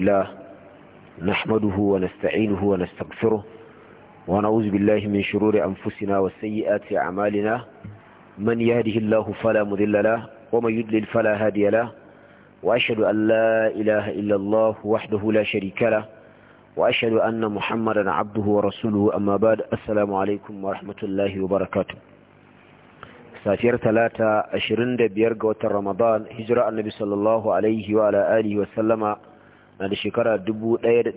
الله نحمده ونستعينه ونستغفره ونعوذ بالله من شرور أنفسنا وسيئات أعمالنا من يهده الله فلا مذل له ومن يدلل فلا هادي له وأشهد أن لا إله إلا الله وحده لا شريك له وأشهد أن محمدا عبده ورسوله أما بعد السلام عليكم ورحمة الله وبركاته سافير ثلاثة أشرين بيرقوة رمضان هجرة النبي صلى الله عليه وعلى آله وسلم وعلى آله وسلم na da shekara 1438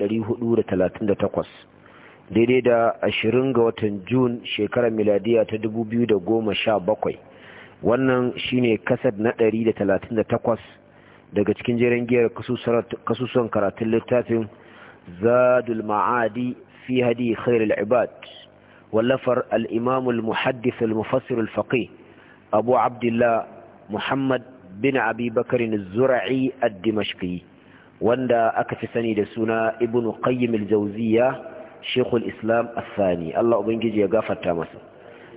daidai da 20 ga watan Jun shekarar miladiya ta 2017 wannan shine kasad na 138 daga cikin jiran giyar kasusuwan karatun littafin zadul ma'adi fi hadi khairul ibad wallafar al al muhaddis al-mufassir al abu abdullah muhammad bin abi bakarin zurai ad-dimashqi wanda aka fi sani da suna ibnu qayyim al-jawziya shekul islam al-thani Allah ubangiji ya gafarta masa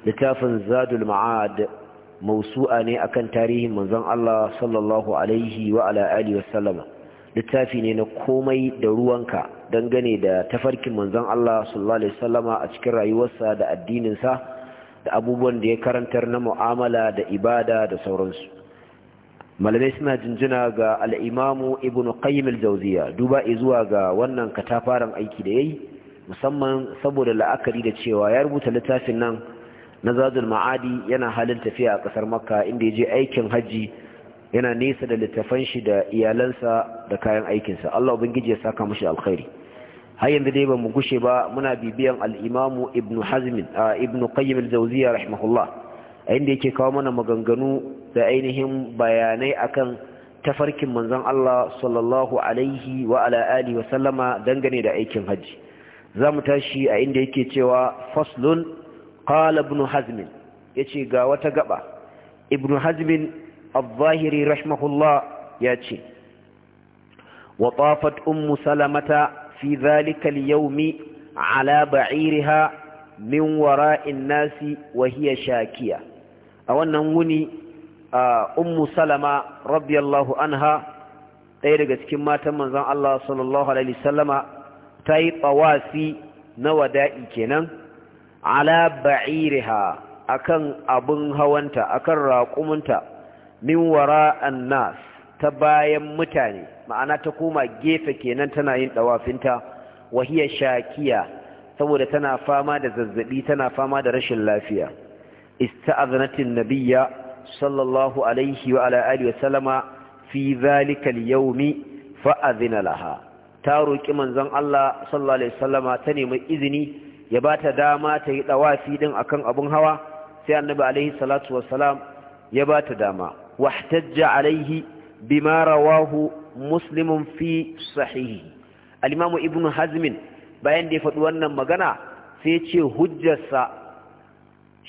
littafin zadul ma'ad mausu'a ne akan tarihin manzon Allah sallallahu alaihi wa ala alihi wa sallama littafi ne na komai da ruwanka dangane da tafarkin manzon Allah sallallahu alaihi wa sallama a cikin rayuwarsa da addininsa da abubuwan da ya karantar na mu'amala da ibada da sauransu malamai suna jinjina ga al'imamu ibn qayyim al-jawziya duba zuwa ga wannan katafaren aiki da ya yi, musamman saboda la'akari da cewa ya rubuta littafin nan na zazul ma'adi yana halin tafiya a kasar makka inda ya je aikin hajji yana nesa da littafan shi da iyalansa da kayan aikinsa allah ubangiji ya saka mashi alkhairi har yanzu dai ba mu gushe ba muna bibiyan al'imamu ibn hazmin ibn qayyim al-jawziya rahimahullah a inda yake kawo mana maganganu da ainihin bayanai akan tafarkin manzon Allah sallallahu alaihi wa ala alihi wa sallama dangane da aikin haji zamu tashi a inda yake cewa faslun qala ibn hazm yace ga wata gaba ibn hazm al-zahiri rahimahullah yace wa tafat ummu salamata fi dhalika al-yawmi ala ba'iriha min wara'in nasi wa hiya shakiya a wannan wuni ummu salama radiyallahu anha ɗaya daga cikin matan manzon Allah sallallahu alaihi wasallama ta yi ɓawasi na wada'i kenan ala ba'iriha akan abun hawanta akan raƙumunta min wara na ta bayan mutane ma'ana ta koma gefe kenan tana yin ɗawafinta wahiya shakiya saboda tana fama da zazzabi tana fama da rashin lafiya ista'aznatin nabiyya sallallahu alaihi wa ala alihi wa sallama fi zalika al-yawmi fa adhina laha ta roki manzon Allah sallallahu alaihi ta nemi izini ya bata dama ta yi dawafi din akan abin hawa sai annabi alaihi salatu wassalam ya bata dama wahtajja alaihi bima rawahu muslimun fi sahihi al-imam ibnu Hazmin bayan da ya faɗi wannan magana sai ya ce hujjarsa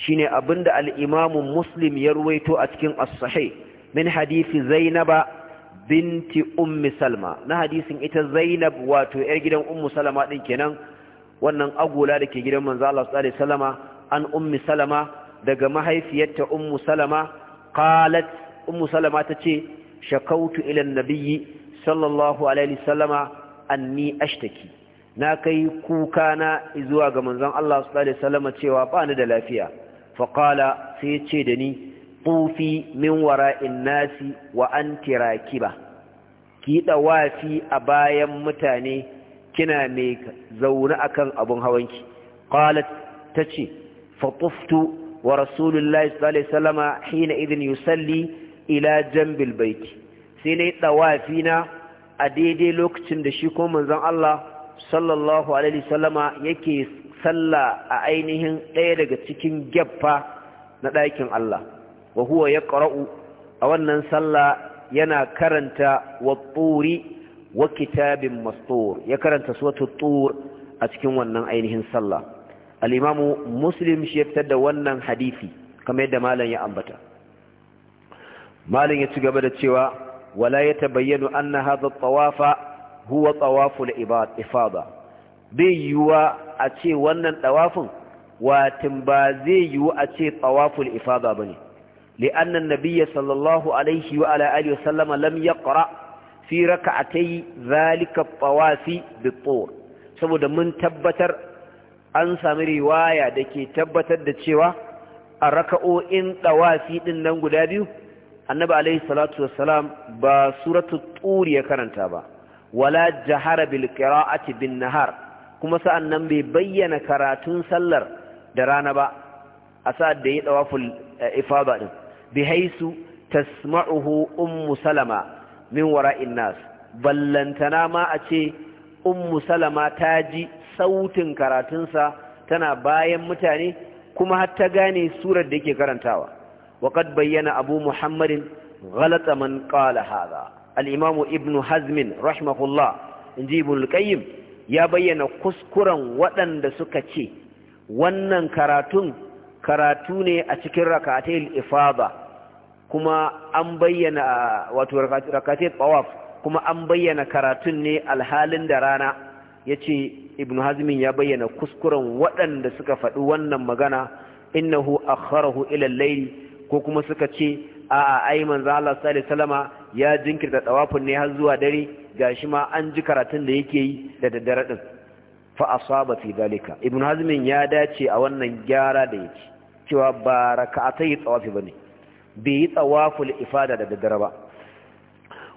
ne abinda al-Imam Muslim ya ruwaito a cikin as-sahih min hadisi Zainaba binti Ummi Salma na hadisin ita Zainab wato yar gidan Ummi Salama ɗin kenan wannan agola ke gidan manzo Allah sallallahu alaihi Salama, an Ummi Salama daga mahaifiyarta Ummi Salama qalat Ummi Salama ta ce, shakautu ila an-nabiyyi sallallahu alaihi wasallama anni ashtaki na kai kuka na zuwa ga manzon Allah sallallahu alaihi Salama, cewa ba ni da lafiya faƙala sai ya ce da ni tufi min wara'in nasi wa an tirakiba ki ɗawafi a bayan mutane kina mai zaune akan abun hawanki qalat tace fatuftu wa rasulullahi sallallahu alaihi wasallama hina idin yusalli ila jambil baiti sai nayi ɗawafi na a daidai lokacin da shi ko manzon Allah sallallahu alaihi wasallama yake sallah a ainihin ɗaya daga cikin gyaffa na ɗakin Allah wa huwa ya ƙara'u a wannan sallah yana karanta wa tsuri wa kitabin mastur ya karanta suwatu tsur a cikin wannan ainihin sallah al'imamu muslim shi ya fitar da wannan hadifi kamar yadda malam ya ambata malam ya ci gaba da cewa wala ya an na hadha tawafa huwa da ifada bai yiwuwa a ce wannan tawafin watin ba zai yiwu a ce tawaful ifada ne li'annan nabiyya sallallahu alaihi wa ala alihi wasallama lam yaqra fi yi zalika ɓawafi bit saboda mun tabbatar an sami riwaya da ke tabbatar da cewa a raka'o'in ɗawafi din nan guda biyu annabi alaihi salatu wasalam ba suratu tur ya karanta ba wala jahara bil qira'ati bin nahar kuma sa'an nan bai bayyana karatun sallar da rana ba a sa'ad da ya ɗawaful eh, ifaba ɗin bi haisu tasma'uhu ummu salama min wara'in nas ballantana ma a ce ummu salama ta ji sautin karatunsa tana bayan mutane kuma har ta gane surar da yake karantawa وقد بين أبو محمد غلط من قال هذا الإمام ابن حزم رحمه الله نجيب القيم ya bayyana kuskuren waɗanda suka ce wannan karatun karatu ne a cikin rakatayil ifada kuma an bayyana wato rakatayil tawaf kuma an bayyana karatun ne alhalin da rana yace ibnu hazmin ya bayyana kuskuren waɗanda suka faɗi wannan magana innahu akharahu ila al-layl ko kuma suka ce a ai manzo Allah sallallahu alaihi wasallama ya jinkirta tsawafin ne har zuwa dare gashi ma an ji karatun da yake yi da daddare din fa asaba fi dalika ibn hazmin ya dace a wannan gyara da yake cewa ba raka'atai tawafi bane bai yi tawaful ifada da daddare ba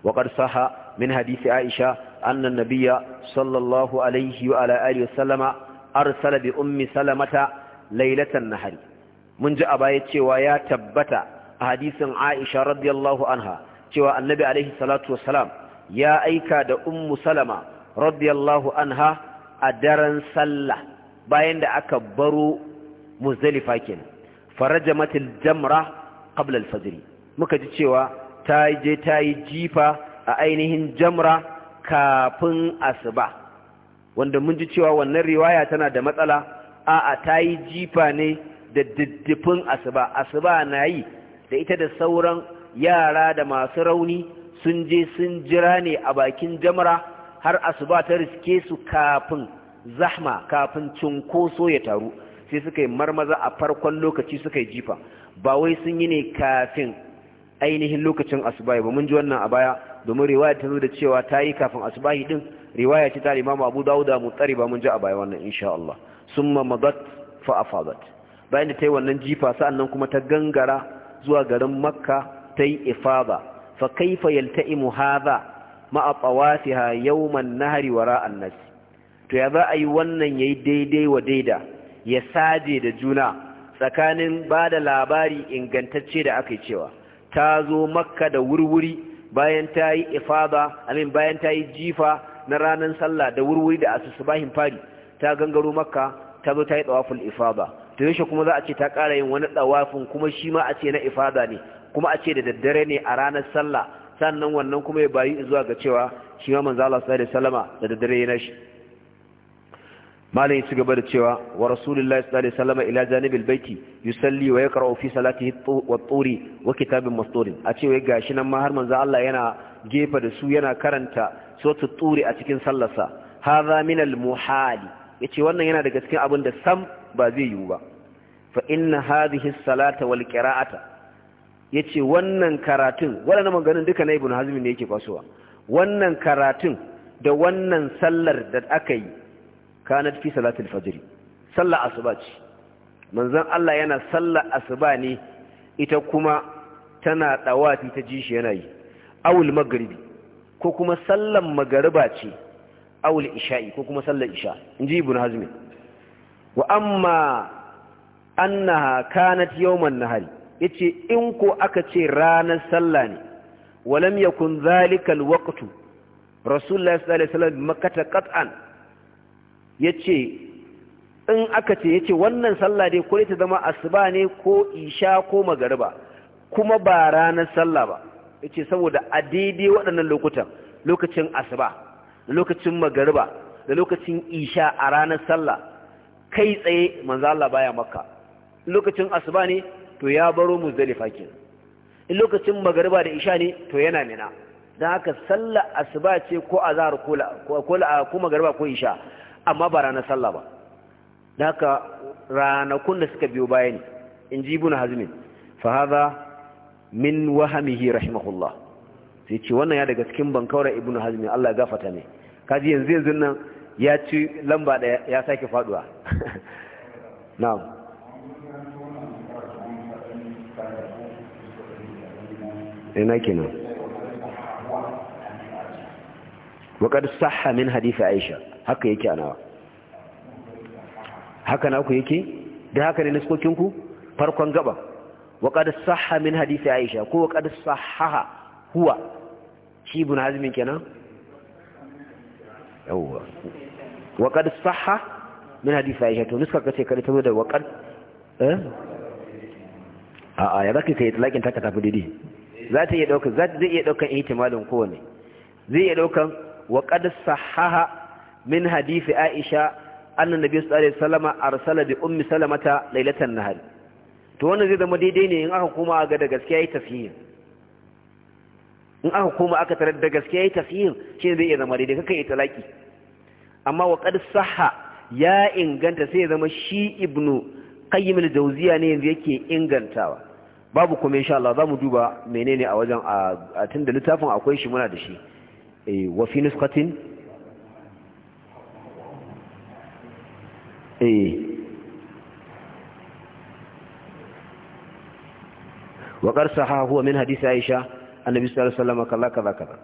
wa qad saha min hadisi aisha anna an-nabiyya sallallahu alaihi wa ala alihi wasallama arsala bi ummi salamata lailatan nahari mun ji a baya cewa ya tabbata a hadisin aisha radiyallahu anha cewa annabi alaihi salatu wassalam ya aika da ummu salama radiyallahu anha a daren sallah bayan da aka baro muzdalifa kenan farajamatil jamra qabla al-fajr muka ji cewa ta je ta yi jifa a ainihin jamra kafin asuba wanda mun ji cewa wannan riwaya tana da matsala a'a ta yi jifa ne da diddifin asuba asuba na yi da ita da sauran yara da masu rauni sun je sun jira ne a bakin jamara har asuba ta riske su kafin zahma kafin cinkoso ya taru sai suka yi marmaza a farkon lokaci suka yi jifa ba wai sun yi ne kafin ainihin lokacin asuba ba mun ji wannan a baya domin riwaya ta zo da cewa ta yi kafin yi din riwaya ce ta limama abu dawo mu tsari ba mun ji a baya wannan insha Allah summa madat fa afadat bayan da ta yi wannan jifa sa'annan kuma ta gangara zuwa garin makka ta yi ifada fa يلتئم هذا مع طوافها يوم النهر وراء الناس annas to ya za a yi wannan yayi daidai wa daida ya saje da juna tsakanin ba da labari ingantacce da aka cewa ta zo makka da wurwuri bayan ta yi ifada amin bayan ta yi jifa na ranar sallah da wurwuri da bahin fari ta gangaro makka ta zo ta yi tsawafin ifada to yaushe kuma za a ce ta ƙara yin wani tsawafin kuma shi ma a ce na ifada ne kuma a ce da daddare ne a ranar sallah sannan wannan kuma ya bayi zuwa ga cewa shi ma manzo Allah sallallahu alaihi wasallama da daddare ya nashi. malam ci gaba da cewa wa rasulullahi sallallahu alaihi wasallama ila janibil baiti yusalli wa yaqra'u fi salatihi wat-turi wa kitabin masturin a ce wai gashi nan ma har manzo Allah yana gefa da su yana karanta suratul turi a cikin sallarsa hadha min al-muhali yace wannan yana daga cikin abin da sam ba zai yiwu ba fa inna hadhihi as-salata wal qira'ata ya ce wannan karatun na maganin duka na ibn hazmi ne yake kwasowa wannan karatun da wannan sallar da aka yi kanar fi salatul fajiri. sallar asuba ce manzon Allah yana sallar asuba ne ita kuma tana dawati ta ji shi yana yi awul magaribi. ko kuma sallar magariba ce awul isha'i ko kuma sallar isha inji ibn hazmi wa amma annaha kanat yawman nahari yace in ko aka ce ranar sallah ne walam yakun zalikal alwaqtu rasulullahi sallallahu alaihi wasallam makkata qat'an yace in aka ce yace wannan sallah dai ko ta zama asuba ne ko isha ko magariba kuma ba ranar sallah ba yace saboda a daidai waɗannan lokutan lokacin asuba lokacin magariba da lokacin isha a ranar sallah kai tsaye manzo Allah baya makka lokacin asuba ne to ya baro muzdalifa ke in lokacin magariba da isha ne to yana mina dan haka sallar asuba ce ko azhar ko ko magariba ko isha amma ba ranar sallah ba dan haka ranakun da suka biyo baya ne in ji ibn hazmi fa hadha min wahamihi rahimahullah sai ce wannan ya daga cikin bankaura ibn hazmi Allah ya gafarta ne kaji yanzu yanzu nan ya ci lamba da ya sake faduwa na'am ina eh, kenan waƙar sahha min hadith aisha haka yake anawa haka na ku yake da haka ne ku farkon gaba waƙar sahha min hadith aisha ko waƙar sahha huwa shi ibn hazmin kenan yawwa waƙar sahha min hadith aisha to niskar ka ce eh? ka ta da waƙar eh a ya zaka kai talakin taka tafi didi za ta iya ɗaukan za zai iya ɗaukan ihtimalin kowane zai iya ɗaukan wa qad sahaha min hadisi Aisha anna nabi sallallahu alaihi wasallam arsala bi ummi salamata lailatan nahar to wannan zai zama daidai ne in aka koma ga da gaskiya yi tafsir in aka koma aka tarar da gaskiya yi tafsir shi zai iya zama daidai kaka yi talaki amma wa qad sahha ya inganta sai ya zama shi ibnu qayyim al-jawziya ne yanzu yake ingantawa babu kuma insha Allah zamu duba menene a wajen a tunda littafin akwai shi muna da shi eh wa fi nuskatin eh wa qarsaha huwa min hadisi Aisha annabi sallallahu alaihi wasallam kaza kaza kaza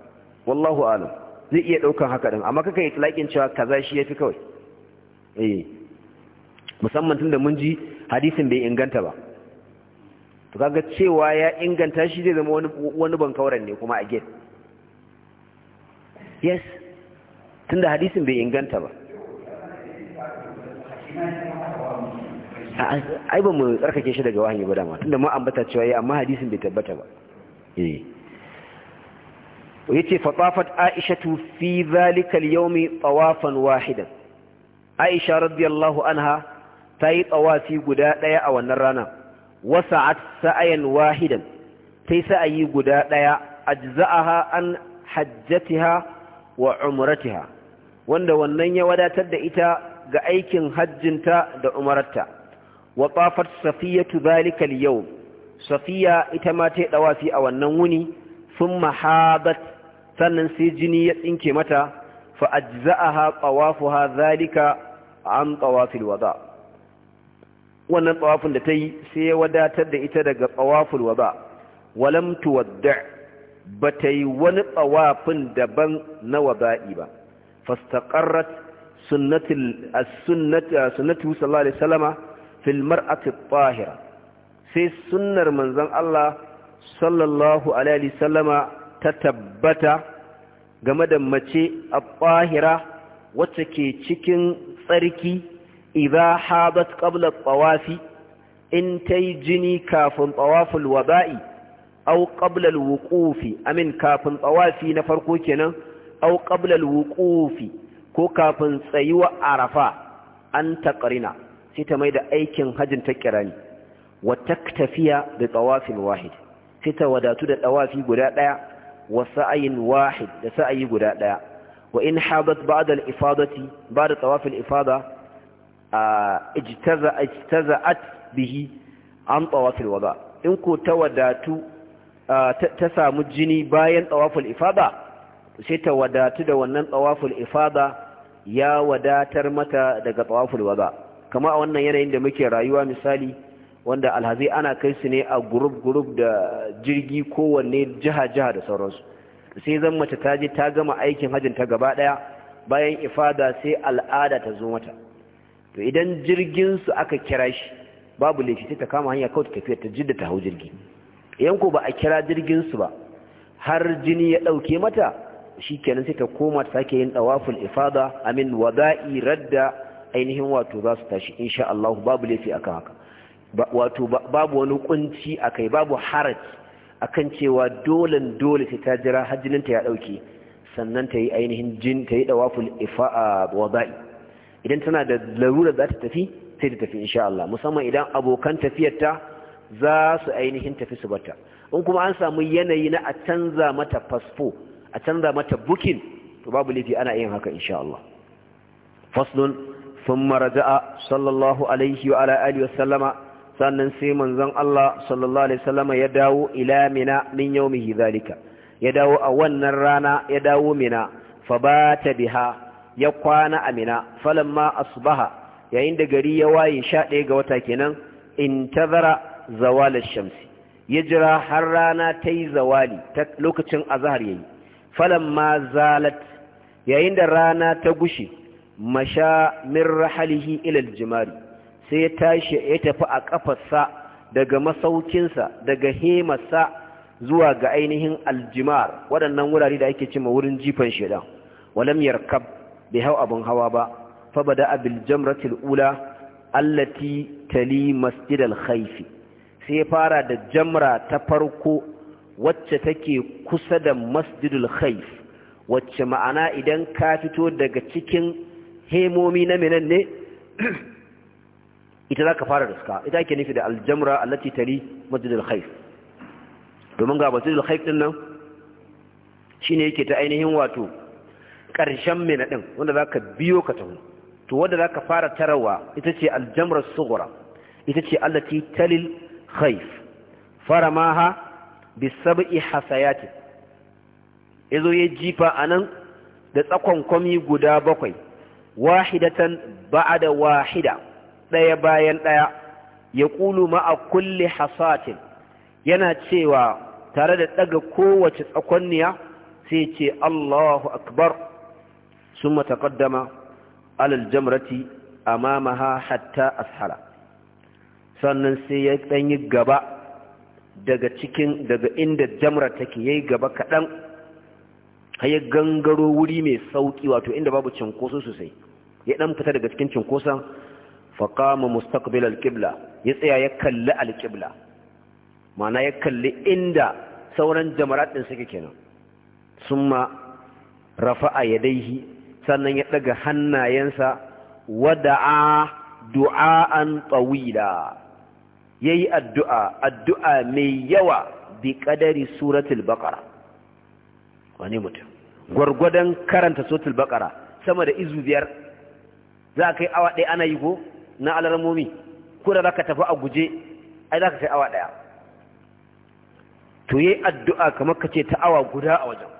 wallahu a'lam zai iya daukan haka din amma kaka itlaqin cewa kaza shi yafi kawai eh musamman tunda mun ji hadisin bai inganta ba to kaga cewa ya inganta shi zai zama wani wani bankauran ne kuma again yes tunda hadisin bai inganta ba ai ba mu tsarkake shi daga wahayi ba dama tunda mu ambata cewa yi amma hadisin bai tabbata ba eh yace fa tafat aishatu fi zalika al-yawmi tawafan wahidan aisha radiyallahu anha tayi tawafi guda daya a wannan rana wasa'at sa'ayan wahidan sai sa'ayi guda daya ajza'aha an hajjatiha wa umratiha wanda wannan ya wadatar da ita ga aikin hajjinta da umarta wa tafat safiyatu zalika yau safiya ita ma ta dawafi a wannan wuni sun habat sannan sai jini ya tsinke mata fa ajza'aha tawafuha zalika an tawafil wada' wannan tsawafin da ta yi sai ya wadatar da ita daga tsawaful wada Walamtu tuwadda ba ta yi wani tsawafin daban na wada'i ba fastaqarrat sunnatul sunnatu sallallahu alaihi wasallama fil mar'ati tahira sai sunnar manzon Allah sallallahu alaihi wasallama ta tabbata game da mace a tahira wacce ke cikin tsarki idza habat qabla tawafi in tai jini kafin tawaful wada'i aw qabla alwuqufi amin kafin tawafi na farko kenan aw qabla alwuqufi ko kafin tsayuwa arafa an taqrina sai mai da aikin hajin ta kirani wa taktafiya bi tawafin wahid sai ta wadatu da tawafi guda daya wa sa'ayin wahid da sa'ayi guda daya wa in habat ba'da al-ifadati ba'da tawafil ijtaza'at bihi an tawafil wada in ko ta ta samu jini bayan tawaful ifada sai ta wadatu da wannan tawaful ifada ya wadatar mata daga tawaful wada kama a wannan yanayin da muke rayuwa misali wanda Alhazi ana kai su ne a gurub-gurub da jirgi kowanne jiha-jiha da sauransu sai zan mace ta je ta gama aikin hajjin ta gaba daya bayan ifada sai al'ada ta zo mata to idan jirgin su aka kira shi babu laifi sai ta kama hanya kawai tafiyar ta jidda ta hau jirgi idan ko ba a kira jirgin su ba har jini ya dauke mata shikenan sai ta koma ta sake yin dawaful ifada amin wada'i radda ainihin wato za su tashi insha Allah babu laifi akan haka wato babu wani kunci akai babu haraj akan cewa dole dole sai ta jira har ta ya dauke sannan ta yi ainihin jin ta yi dawaful ifada wada'i idan tana da larura za ta tafi sai ta tafi insha Allah musamman idan abokan tafiyarta za su ainihin tafi su bata in kuma an samu yanayi na a canza mata fasfo a canza mata bukin to babu laifi ana yin haka insha Allah faslun ثم رجع صلى الله عليه وعلى wa وسلم sannan sai manzon Allah sallallahu alaihi wasallam ya dawo ila mina min yawmihi zalika ya dawo a wannan rana ya dawo mina fabata biha ya kwana a mina ma asbaha yayin da gari ya waye sha ɗaya ga wata kenan intazara zawalar shamsi ya jira har rana ta yi zawali ta lokacin azahar yayi ma zalat yayin da rana ta gushe masha min rahalihi ilal jimari sai ya tashi ya tafi a ƙafarsa daga masaukinsa daga hemarsa zuwa ga ainihin aljimar waɗannan wurare da ake cima wurin jifan shedan walam yarkab bai hau abin hawa ba fa abin abil ula allati tali masjid al khaifi sai fara da jamra ta farko wacce take kusa da masjidul khaif wacce ma'ana idan ka fito daga cikin hemomi na minan ne ita za ka fara suka? ita ake nufi da aljamra allati tali masjidul khaif domin ga masjidul khaif din nan shine yake ta ainihin wato ƙarshen mina ɗin wanda za ka biyo ka taho to wanda za ka fara tarawa ita ce aljamrar sugura ita ce allati talil khaif fara maha bi sab'i hasayatin ya ya jifa a nan da tsakon guda bakwai wahidatan da wahida ɗaya bayan ɗaya ya ƙulu ma'a kulle hasatin yana cewa tare da ɗaga kowace tsakonniya sai ce Allahu akbar ثم تقدم على الجمرة أمامها حتى أسحل sannan sai ya ɗanyi gaba daga cikin daga inda jamara take yayi gaba kaɗan har ya gangaro wuri mai sauƙi wato inda babu cinkoso sosai ya ɗan fita daga cikin cinkoson faƙama mustaqbil alƙibla ya tsaya ya kalli alƙibla ma'ana ya kalli inda sauran jamarat ɗin suke kenan sun ma a ya sannan ya ɗaga hannayensa wada'a du'a'an tsawila ya yi addu'a addu'a mai yawa bi ƙadari suratul baƙara wani mutum gwargwadon karanta suratul baƙara sama da izu biyar za ka yi awa ɗaya ana yi ko na alarmomi ko da za ka tafi a guje ai za ka kai awa ɗaya to yi addu'a kamar ka ce ta awa guda a wajen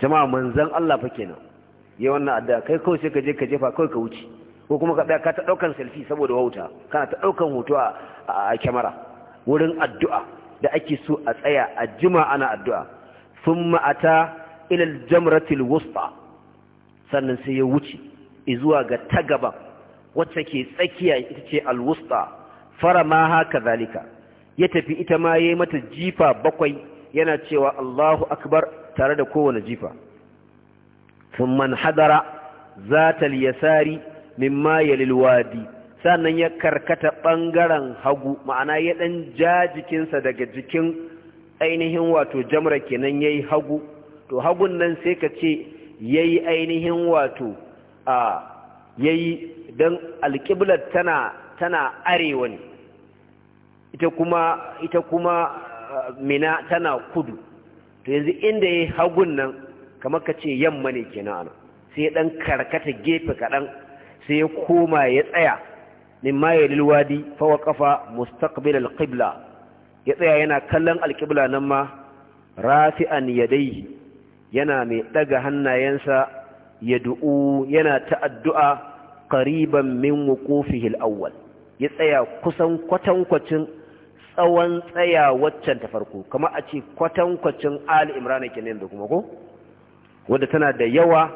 jama'a manzan Allah fa kenan yi wannan addu'a kai kawai sai ka je ka jefa kawai ka wuce ko kuma ka tsaya ka ta daukan selfie saboda wauta kana ta daukan hoto a kyamara wurin addu'a da ake so a tsaya a jima ana addu'a thumma ata ila al-jamratil wusta sannan sai ya wuce zuwa ga ta gaba wacce ke tsakiya ita ce alwusta fara ma haka zalika ya tafi ita ma yi mata jifa bakwai yana cewa Allahu akbar tare da kowane jifa sun man hadara zatal yasari mimma ya lilwadi sannan ya karkata ɓangaren hagu ma'ana ya ɗan ja jikinsa daga jikin ainihin wato jamra kenan ya yi hagu to hagun nan sai ka ce ya yi ainihin wato a ya yi don alƙiblar tana arewa ne ita kuma ita kuma mina tana kudu to yanzu inda ya hagun nan kamar ka ce yamma ne ke nan sai ya ɗan karkata gefe kaɗan sai ya koma ya tsaya min ma ya lilwadi fawa ƙafa mustaqbil ya tsaya yana kallon alƙibla nan ma rafi'an yadaihi yana mai ɗaga hannayensa ya du'u yana ta'addu'a qariban min wuqufihil awwal ya tsaya kusan kwatankwacin tsawon tsaya waccan ta farko kamar a ce kwatankwacin ali imrana nan da kuma ko wadda tana da yawa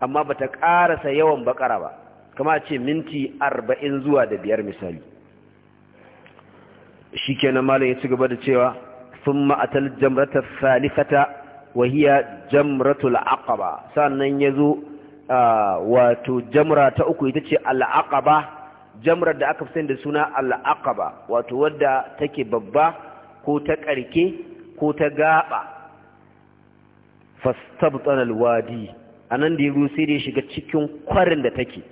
amma ba ta karasa yawan bakara ba kama a ce minti arba'in zuwa da biyar misali shi kenan malam ya ci gaba da cewa sun ma'atar jamratar salifata wahiya jamratul aqaba sannan ya zo ah, wato jamra ta uku ita ce al'aqaba jamrar da aka fi sani da suna al'aqaba wato wadda take babba ko ta ƙarke ko ta gaba fastabtan alwadi anan da ya sai da shiga cikin kwarin da take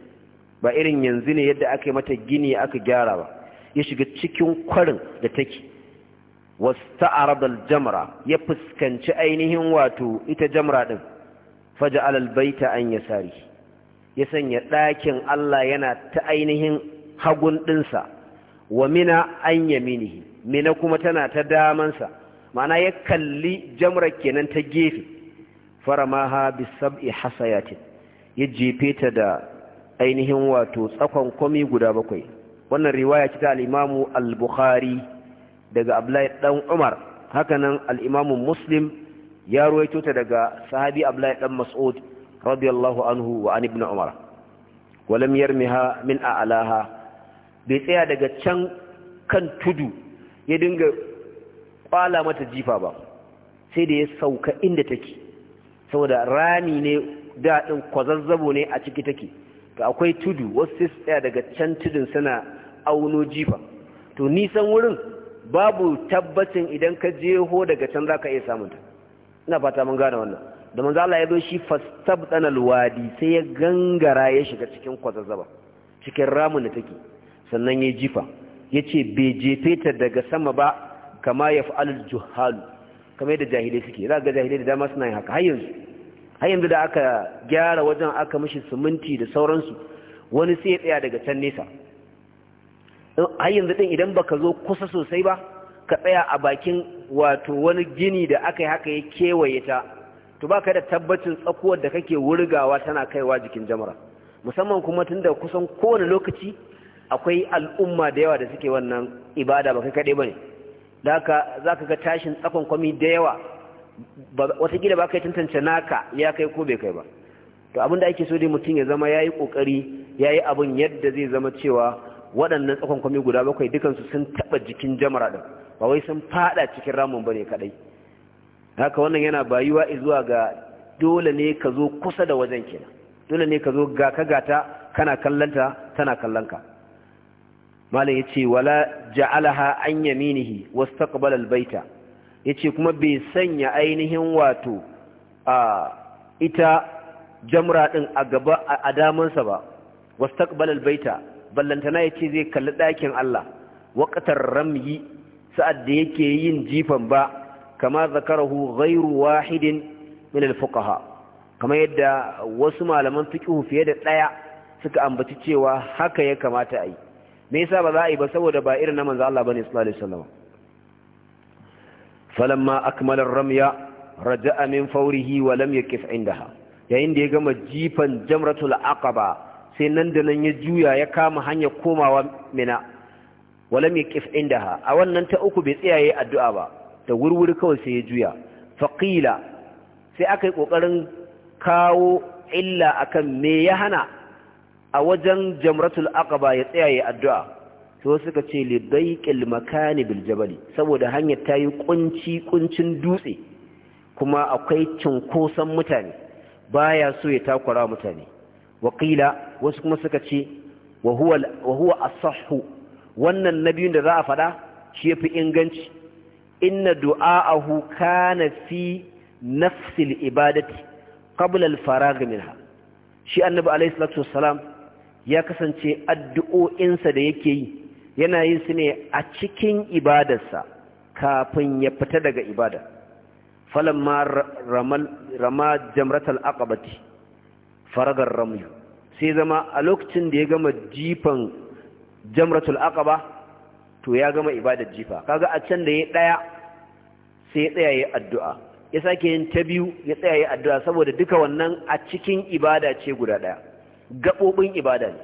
ba irin yanzu ne yadda aka yi mata gini aka gyara ba ya shiga cikin kwarin da take wasta'arada aljamra ya fuskanci ainihin wato ita jamra din faja'al albayta an yasari ya sanya ɗakin Allah yana ta ainihin hagun ɗinsa wa mina an yaminihi mina kuma tana ta damansa ma'ana ya kalli jamra kenan ta gefe faramaha bi sab'i hasayatin ya jefe ta da ainihin wato tsakon kwami guda bakwai wannan riwaya ce ta al-imamu al-bukhari daga abdullahi dan umar hakanan al-imamu muslim ya ruwaito ta daga sahabi abdullahi dan mas'ud radiyallahu anhu wa an ibn umar ولم يرمها من أعلاها bai tsaya daga can kan tudu ya dinga kwala mata jifa ba sai da ya sauka inda take saboda rami ne daɗin kwazazzabo ne a ciki take to akwai tudu wasu sai tsaya daga can tudun suna auno jifa to nisan wurin babu tabbacin idan ka je ho daga can za ka iya samunta ina fata mun gane wannan da manzo Allah ya zo shi fastabdana alwadi sai ya gangara ya shiga cikin kwazazzaba cikin ramin da take sannan ya jifa ya ce bai jefe ta daga sama ba kama ya fi juhalu kama yadda jahilai suke za ga jahilai da dama suna yin haka har yanzu da aka gyara wajen aka mashi siminti da sauransu wani sai ya tsaya daga can nesa har yanzu ɗin idan baka zo kusa sosai ba ka tsaya a bakin wato wani gini da aka yi haka ya kewaye ta to baka da tabbacin tsakuwar da kake wurgawa tana kaiwa jikin jamara musamman kuma tun tunda kusan kowane lokaci akwai al'umma da yawa da suke wannan ibada ba kai kaɗai ba ne da za ka ga tashin tsakon da yawa watakila ba ka tantance naka ya kai ko bai kai ba to abin da ake so dai mutum ya zama ya yi ƙoƙari ya yi abin yadda zai zama cewa waɗannan tsakon kwami guda bakwai dukansu sun taɓa jikin jamara ɗin ba wai sun faɗa cikin ramin ba ne kaɗai haka wannan yana bayuwa zuwa ga dole ne ka zo kusa da wajen kenan dole ne ka zo ga ka gata kana kallanta tana kallon ka malam yace wala ja'alaha an yaminihi baita ya yace kuma bai sanya ainihin wato a ita jamra din a gaba a damansa ba wastaqbala baita ballantana yace zai kalli ɗakin Allah waƙatar ramyi sa'ad da yake yin jifan ba kama zakarahu ghairu wahidin min alfuqaha kama yadda wasu malaman fiqh fiye da ɗaya suka ambaci cewa haka ya kamata a yi me yasa ba za a yi ba saboda ba irin na manzo Allah bane sallallahu alaihi wasallam falamma akmala ramya raja'a min fawrihi wa lam yakif indaha yayin da ya gama jifan jamratul aqaba sai nan da nan ya juya ya kama hanya komawa mina wa lam yakif indaha a wannan ta uku bai tsayaye addu'a ba da wurwuri kawai sai ya juya faqila sai aka yi kokarin kawo illa akan me ya hana a wajen jamratul aqaba ya tsaya ya addu'a to suka ce li daiqil makani bil jabali saboda hanyar ta yi kunci kuncin dutse kuma akwai cinkoson mutane baya so ya takura mutane wakila wasu kuma suka ce wa huwa asahhu wannan nabiyun da za a fada shi yafi inganci inna du'a'ahu kana fi nafsil ibadati qabla al-faragh minha shi annabi alayhi salatu wassalam ya kasance addu'o'insa da yake yi yana yin su ne a cikin ibadarsa kafin ya fita daga ibada Falon ma rama jamratal akabati faragar ramyu sai zama a lokacin da ya gama jifan jamratul akaba to ya gama ibadar jifa kaga a can da ya daya sai ya tsaya addu'a ya sake yin ta biyu ya tsaya addu'a saboda duka wannan a cikin ibada ce guda ɗaya. gaɓoɓin ibada ne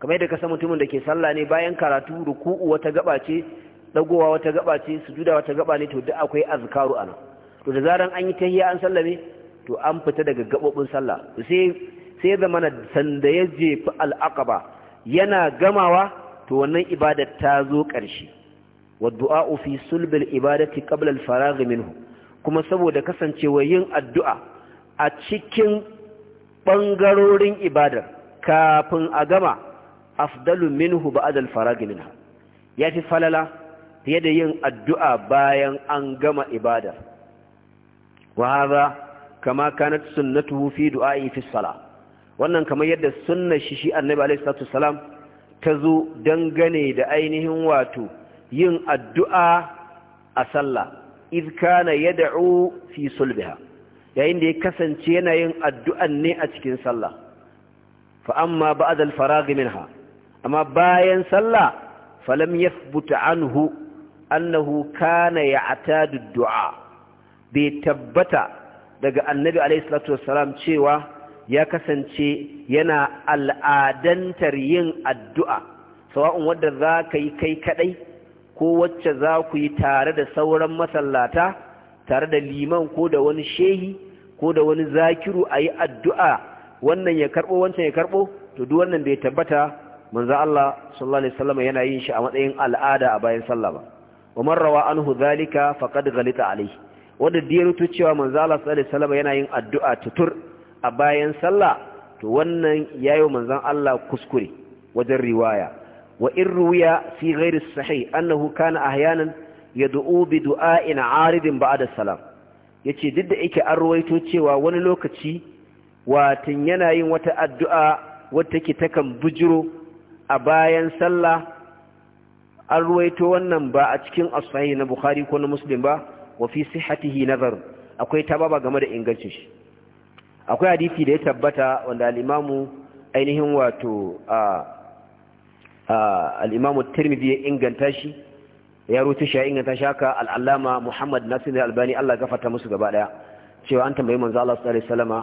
kamar yadda ka mutumin da ke sallah ne bayan karatu ruku'u wata gaba ce dagowa wata gaba ce sujuda wata gaba ne to duk akwai azkaru ana to da zaran an yi tahiyya an sallame to an fita daga gaɓoɓin sallah sai sai zama sanda ya jefi al'aqaba yana gamawa to wannan ibada ta zo ƙarshe wa du'a'u fi sulbil ibadati qabla al-faragh kuma saboda kasancewa yin addu'a a cikin ɓangarorin ibadar kafin a gama afdalu minhu ba'da al minha yafi falala fiye da yin addu'a bayan an gama ibada wa hadha kama kanat sunnatuhu fi du'a'i fi salah wannan kamar yadda sunnar shi shi annabi alaihi salatu wasalam ta zo dangane da ainihin wato yin addu'a a sallah idh kana yad'u fi sulbiha yayin da ya kasance yana yin addu'an ne a cikin sallah fa amma ba'da al-faragh minha amma bayan sallah falam yathbut anhu annahu kana ya'tadu ad-du'a bai tabbata daga annabi alayhi salatu wassalam cewa ya kasance yana al'adantar yin addu'a sawa'un wadda za ka yi kai kadai ko wacce za ku yi tare da sauran masallata tare da liman ko da wani shehi ko da wani zakiru ayi addu'a wannan ya karbo wancan ya karbo to duk wannan bai tabbata manzo Allah sallallahu alaihi wasallam yana yin shi a matsayin al'ada a bayan sallah ba Umar rawa anhu zalika faqad ghalita alaihi wanda da ya rutu cewa manzo Allah sallallahu alaihi wasallam yana yin addu'a tutur a bayan sallah to wannan yayi manzan Allah kuskure wajen riwaya wa in ruwiya fi ghairi sahih annahu kana ahyanan yad'u bi du'a'in 'aridin ba'da salam yace duk da yake an ruwaito cewa wani lokaci watin yana yin wata addu'a wata ke takan bujiro a bayan sallah an ruwaito wannan ba a cikin asahi na bukari ko na muslim ba wa fi sihatihi nazar akwai tababa game da ingancin shi akwai hadisi da ya tabbata wanda al ainihin wato al-imamu tirmidhi ya inganta shi ya rutu shi ya inganta shi haka al muhammad nasir al-albani Allah gafarta musu gaba daya cewa an tambayi manzo Allah sallallahu alaihi wasallama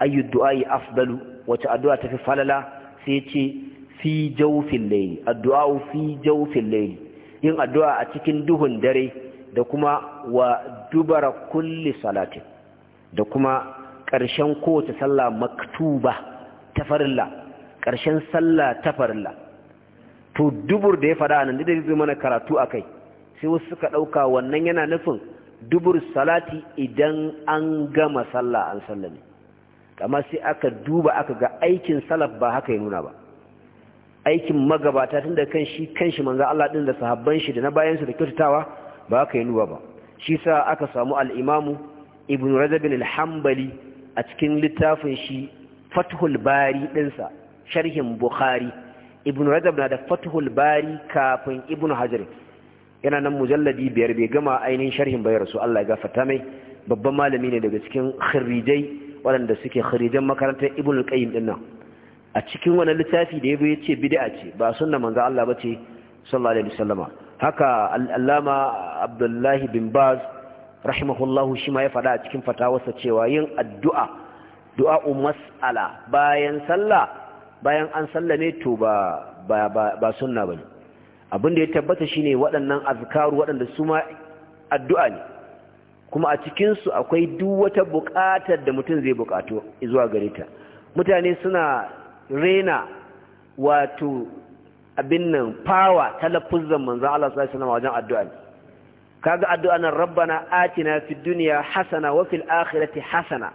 du'a du'a'i afdalu wace addu'a tafi falala sai ce fi jawfil layli addu'a fi jawfil layli yin addu'a a cikin duhun dare da kuma wa dubara kulli salati da kuma ƙarshen kowace sallah maktuba ta farilla ƙarshen sallah ta farilla to dubur da ya fada nan da zai mana karatu akai sai wasu suka ɗauka wannan yana nufin dubur salati idan an gama sallah an sallame amma sai aka duba aka ga aikin salaf ba haka ya nuna ba aikin magabata tun da kan shi kan shi manzo Allah din da sahabban shi da na bayan su da kyautatawa ba haka ya nuna ba shi sa aka samu al'imamu imam Ibn Rajab al-Hanbali a cikin littafin shi Fathul Bari ɗinsa sharhin Bukhari Ibn Rajab na da Fathul Bari kafin Ibn Hajar yana nan mujalladi biyar bai gama ainihin sharhin bayar su Allah ya gafarta mai babban malami ne daga cikin khirrijai waɗanda suke kharijan makarantar ibn al-qayyim din nan a cikin wannan littafi da yabo yace bid'a ce ba sunna manzo Allah bace sallallahu alaihi wasallama haka al-allama Abdullahi bin Baz rahimahullahu shi ma ya faɗa a cikin fatawarsa cewa yin addu'a du'a'u mas'ala bayan sallah bayan an sallame to ba ba ba sunna bane abin da ya tabbata shine waɗannan azkaru waɗanda su ma addu'a ne kuma a cikinsu akwai duk wata buƙatar da mutum zai buƙato zuwa gare ta mutane suna rena wato abin nan fawa talaffuzan manzon Allah sallallahu alaihi wajen addu'a kaga addu'a nan rabbana atina fid dunya hasana wa fil akhirati hasana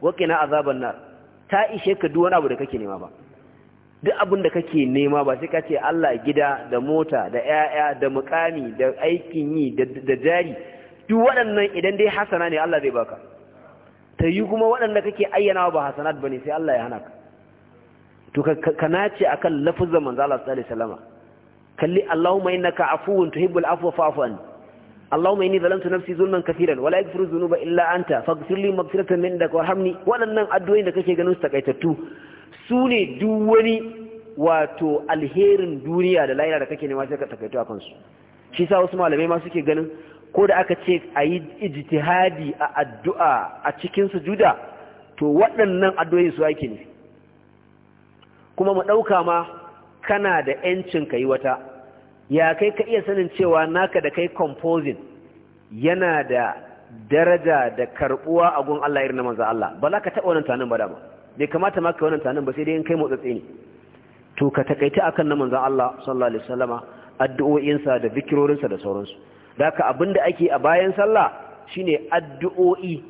wa qina azaban nar ta ishe ka duk wani abu da kake nema ba duk abin da kake nema ba sai ka ce Allah gida da mota da ƴaƴa da mukami da aikin yi da jari duk waɗannan idan dai hasana ne Allah zai baka ta yi kuma waɗanda kake ayyana ba hasanat bane sai Allah ya hana ka to ka nace akan lafuzan manzo Allah sallallahu alaihi wasallam kalli Allahumma ka afuwun tuhibbul afwa fa'fu anni Allahumma inni zalamtu nafsi zulman kaseeran wala yaghfiru dhunuba illa anta faghfir li maghfiratan min indaka warhamni waɗannan addu'o'in da kake ganin su takaitattu su ne duk wani wato alherin duniya da lahira da kake nema sai ka takaito akan su shi sa wasu malamai ma suke ganin ko da aka ce a yi ijtihadi a addu'a a cikin sujuda to waɗannan addu'o'in su ake ne kuma mu ɗauka ma kana da ‘yancin ka yi wata ya kai ka iya sanin cewa naka da kai composing yana da daraja da karɓuwa a gun Allah irin na Allah ba za ka taɓa wannan tanin ba dama bai kamata ma ka wannan tanin ba sai dai in kai motsatsi ne to ka takaita akan na manzo Allah sallallahu alaihi wasallama addu'o'insa da bikirorinsa da sauransu daka abinda ake a bayan sallah shine addu'o'i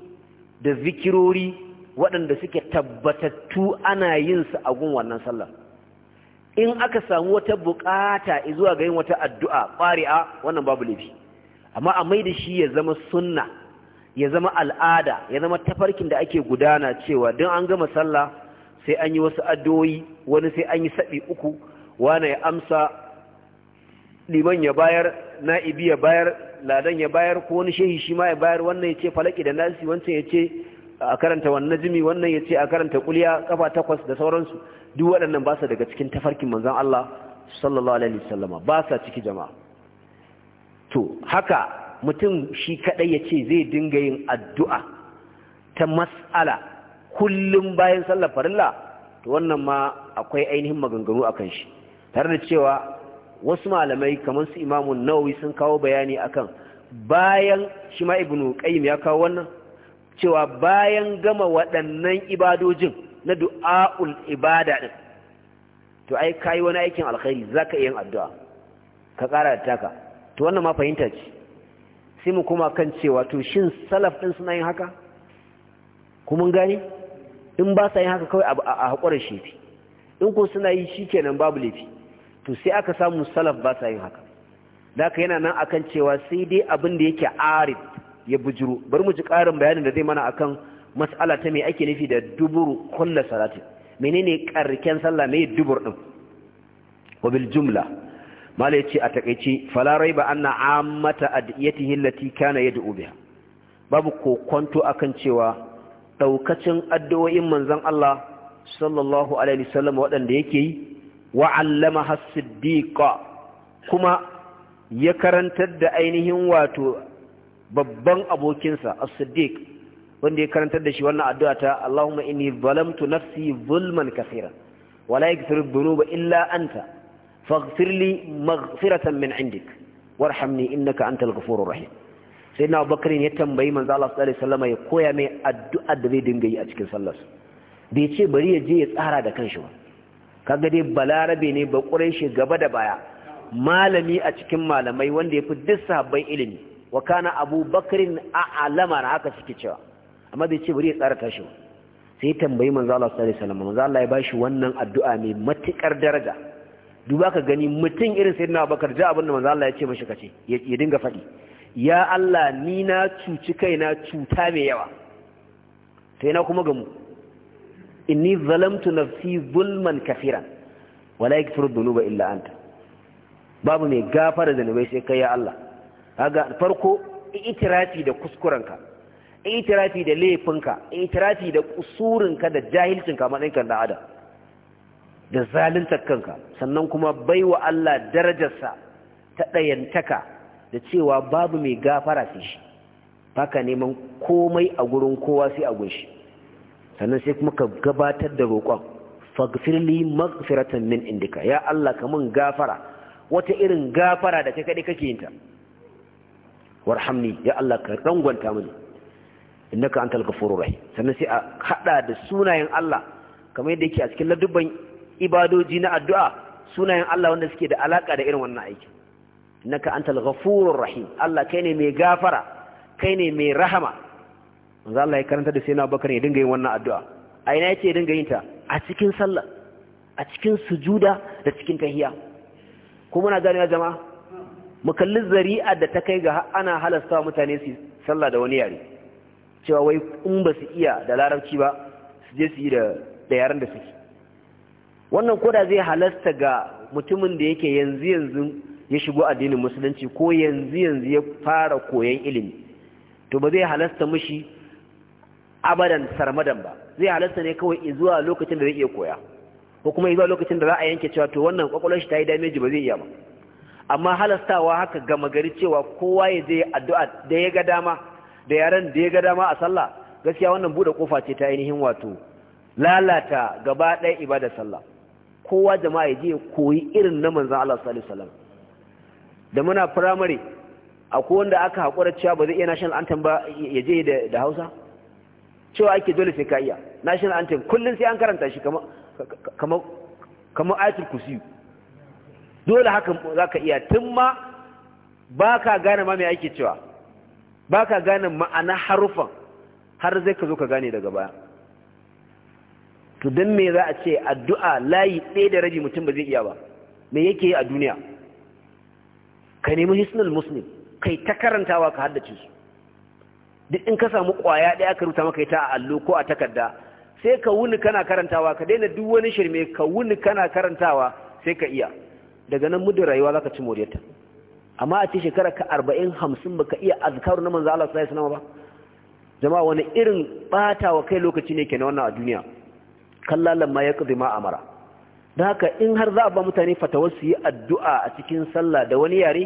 da zikirori waɗanda suke tabbatattu ana yin su a gun wannan sallah in aka samu wata bukata zuwa ga yin wata addu'a ƙari'a wannan babu laifi amma a mai da shi ya zama sunna ya zama al'ada ya zama tafarkin da ake gudana cewa don an gama sallah sai an yi wasu addu'o'i wani sai an yi saɓi uku wane ya amsa liman ya bayar na'ibi ya bayar ladan ya bayar ko wani shehi shi ma ya bayar wannan ya ce falaki da nasi wancan ya ce a karanta wannan jimi wannan ya ce a karanta kuliya kafa takwas da sauransu duk waɗannan ba su daga cikin tafarkin manzan Allah sallallahu alaihi wasallama ba sa ciki jama'a to haka mutum shi kadai ya ce zai dinga yin addu'a ta mas'ala kullum bayan sallar farilla to wannan ma akwai ainihin maganganu akan shi tare da cewa wasu malamai kamar su imamu nawawi sun kawo bayani akan bayan shi ma ibnu qayyim ya kawo wannan cewa bayan gama waɗannan ibadojin na du'a'ul ibada din to ai kai wani aikin alkhairi zaka yin addu'a ka ƙara da taka to wannan ma fahimta ce sai mu kuma kan cewa to shin salaf din suna yin haka kuma gane in ba sa yin haka kawai a haƙurar shi in ko suna yi shikenan babu laifi to sai aka samu salaf ba sa yin haka da yana nan akan cewa sai dai abin da yake arid ya bujiro bari mu ji ƙarin bayanin da zai mana akan mas'ala ta me ake nufi da duburu kullu salati menene karken sallah me dubur din wa bil jumla malai ce a takeici fala raiba anna ammata adiyatihi allati kana yad'u biha babu kokonto akan cewa daukacin addu'o'in manzon Allah sallallahu alaihi wasallam waɗanda yake yi wa'allama allamaha siddiqa kuma ya karantar da ainihin wato babban abokinsa a siddiq wanda ya karantar da shi wannan addu'a ta Allahumma inni zalamtu nafsi zulman wala wa la yaghfiru dhunuba illa anta faghfir li maghfiratan min indik warhamni innaka antal ghafurur rahim sayyidina Abubakar ya tambayi manzo Allah sallallahu alaihi wasallam ya koya mai addu'a da zai dinga yi a cikin sallarsa bai ce bari ya je ya tsara da kanshi ba kaga dai balarabe ne ba shi gaba da baya malami a cikin malamai wanda ya fi duk sahabban ilimi wa kana abu bakarin a alama na haka suke cewa amma bai ce bari ya tsara tashi sai tambayi manzo Allah sallallahu alaihi wasallam manzo Allah ya bashi wannan addu'a mai matukar daraja duba ka gani mutum irin sayyidina Abubakar ja abin da manzo Allah ya ce mashi kace ya dinga faɗi ya Allah ni na cuci kaina cuta mai yawa sai na kuma gamu inni zalamtu nafsi zulman kafiran wala yaghfiru dhunuba illa anta babu mai gafara zanubai sai kai ya Allah kaga farko itirafi da kuskurenka itirafi da laifinka itirafi da kusurinka da jahilcinka kan da adam da zaluntar kanka sannan kuma baiwa Allah darajarsa ta ɗayantaka da cewa babu mai gafara sishi, shi baka neman komai a gurin kowa sai a gunshi sannan sai kuma ka gabatar da roƙon faghfirli maghfiratan min indika ya Allah ka mun gafara wata irin gafara da kai kadai kake yin ta warhamni ya Allah ka rangwanta mini innaka antal ghafurur rahim sannan sai a hada da sunayen Allah kamar yadda yake a cikin ladubban ibadoji na addu'a sunayen Allah wanda suke da alaka da irin wannan aikin innaka antal ghafurur rahim Allah kai ne mai gafara kai ne mai rahama manzo Allah ya karanta da sayyidina Abubakar ya dinga yin wannan addu'a a ina yake ya dinga yin ta a cikin sallah a cikin sujuda da cikin tahiyya ko muna gane jama'a mu kalli zari'a da ta kai ga ana halasta mutane su sallah da wani yare cewa wai in ba su iya da larabci ba su je su yi da da yaran da suke wannan koda zai halasta ga mutumin da yake yanzu yanzu ya shigo addinin musulunci ko yanzu yanzu ya fara koyon ilimi to ba zai halasta mishi abadan sarmadan ba zai halarta ne kawai zuwa lokacin da zai iya koya ko kuma zuwa lokacin da za a yanke cewa to wannan kwakwalwar shi ta yi dameji ba zai iya ba amma halastawa haka gama gari cewa kowa ya je addu'a da ya ga dama da yaran da ya ga dama a sallah gaskiya wannan buɗe kofa ce ta ainihin wato lalata gaba ɗaya ibadar sallah kowa jama'a ya je koyi irin na manzon Allah sallallahu alaihi wasallam da muna firamare? akwai wanda aka hakura cewa ba zai iya national anthem ba ya je da Hausa cewa ake dole sai ka iya national anthem kullum sai an karanta shi kamar ayatul kursi dole haka za ka iya tun ma ba ka gane ma mai ake cewa ba ka gane ma'ana harufan har zai ka zo ka gane daga baya to don me za a ce addu'a layi ɗaya da rabi mutum ba zai iya ba me yake yi a duniya ka nemi hisnul muslim kai ta karantawa ka haddace su duk in ka samu kwaya ɗaya aka rubuta maka ita a allo ko a takarda sai ka wuni kana karantawa ka daina duk wani shirme ka wuni kana karantawa sai ka iya daga nan muddin rayuwa zaka ci moriyarta amma a ce shekara ka arba'in hamsin baka iya azkaru na manzo Allah sallallahu alaihi ba jama'a wani irin bata wa kai lokaci ne kenan wannan a duniya kallalan ma yaqdi ma amara da haka in har za a ba mutane fatawar su yi addu'a a cikin sallah da wani yare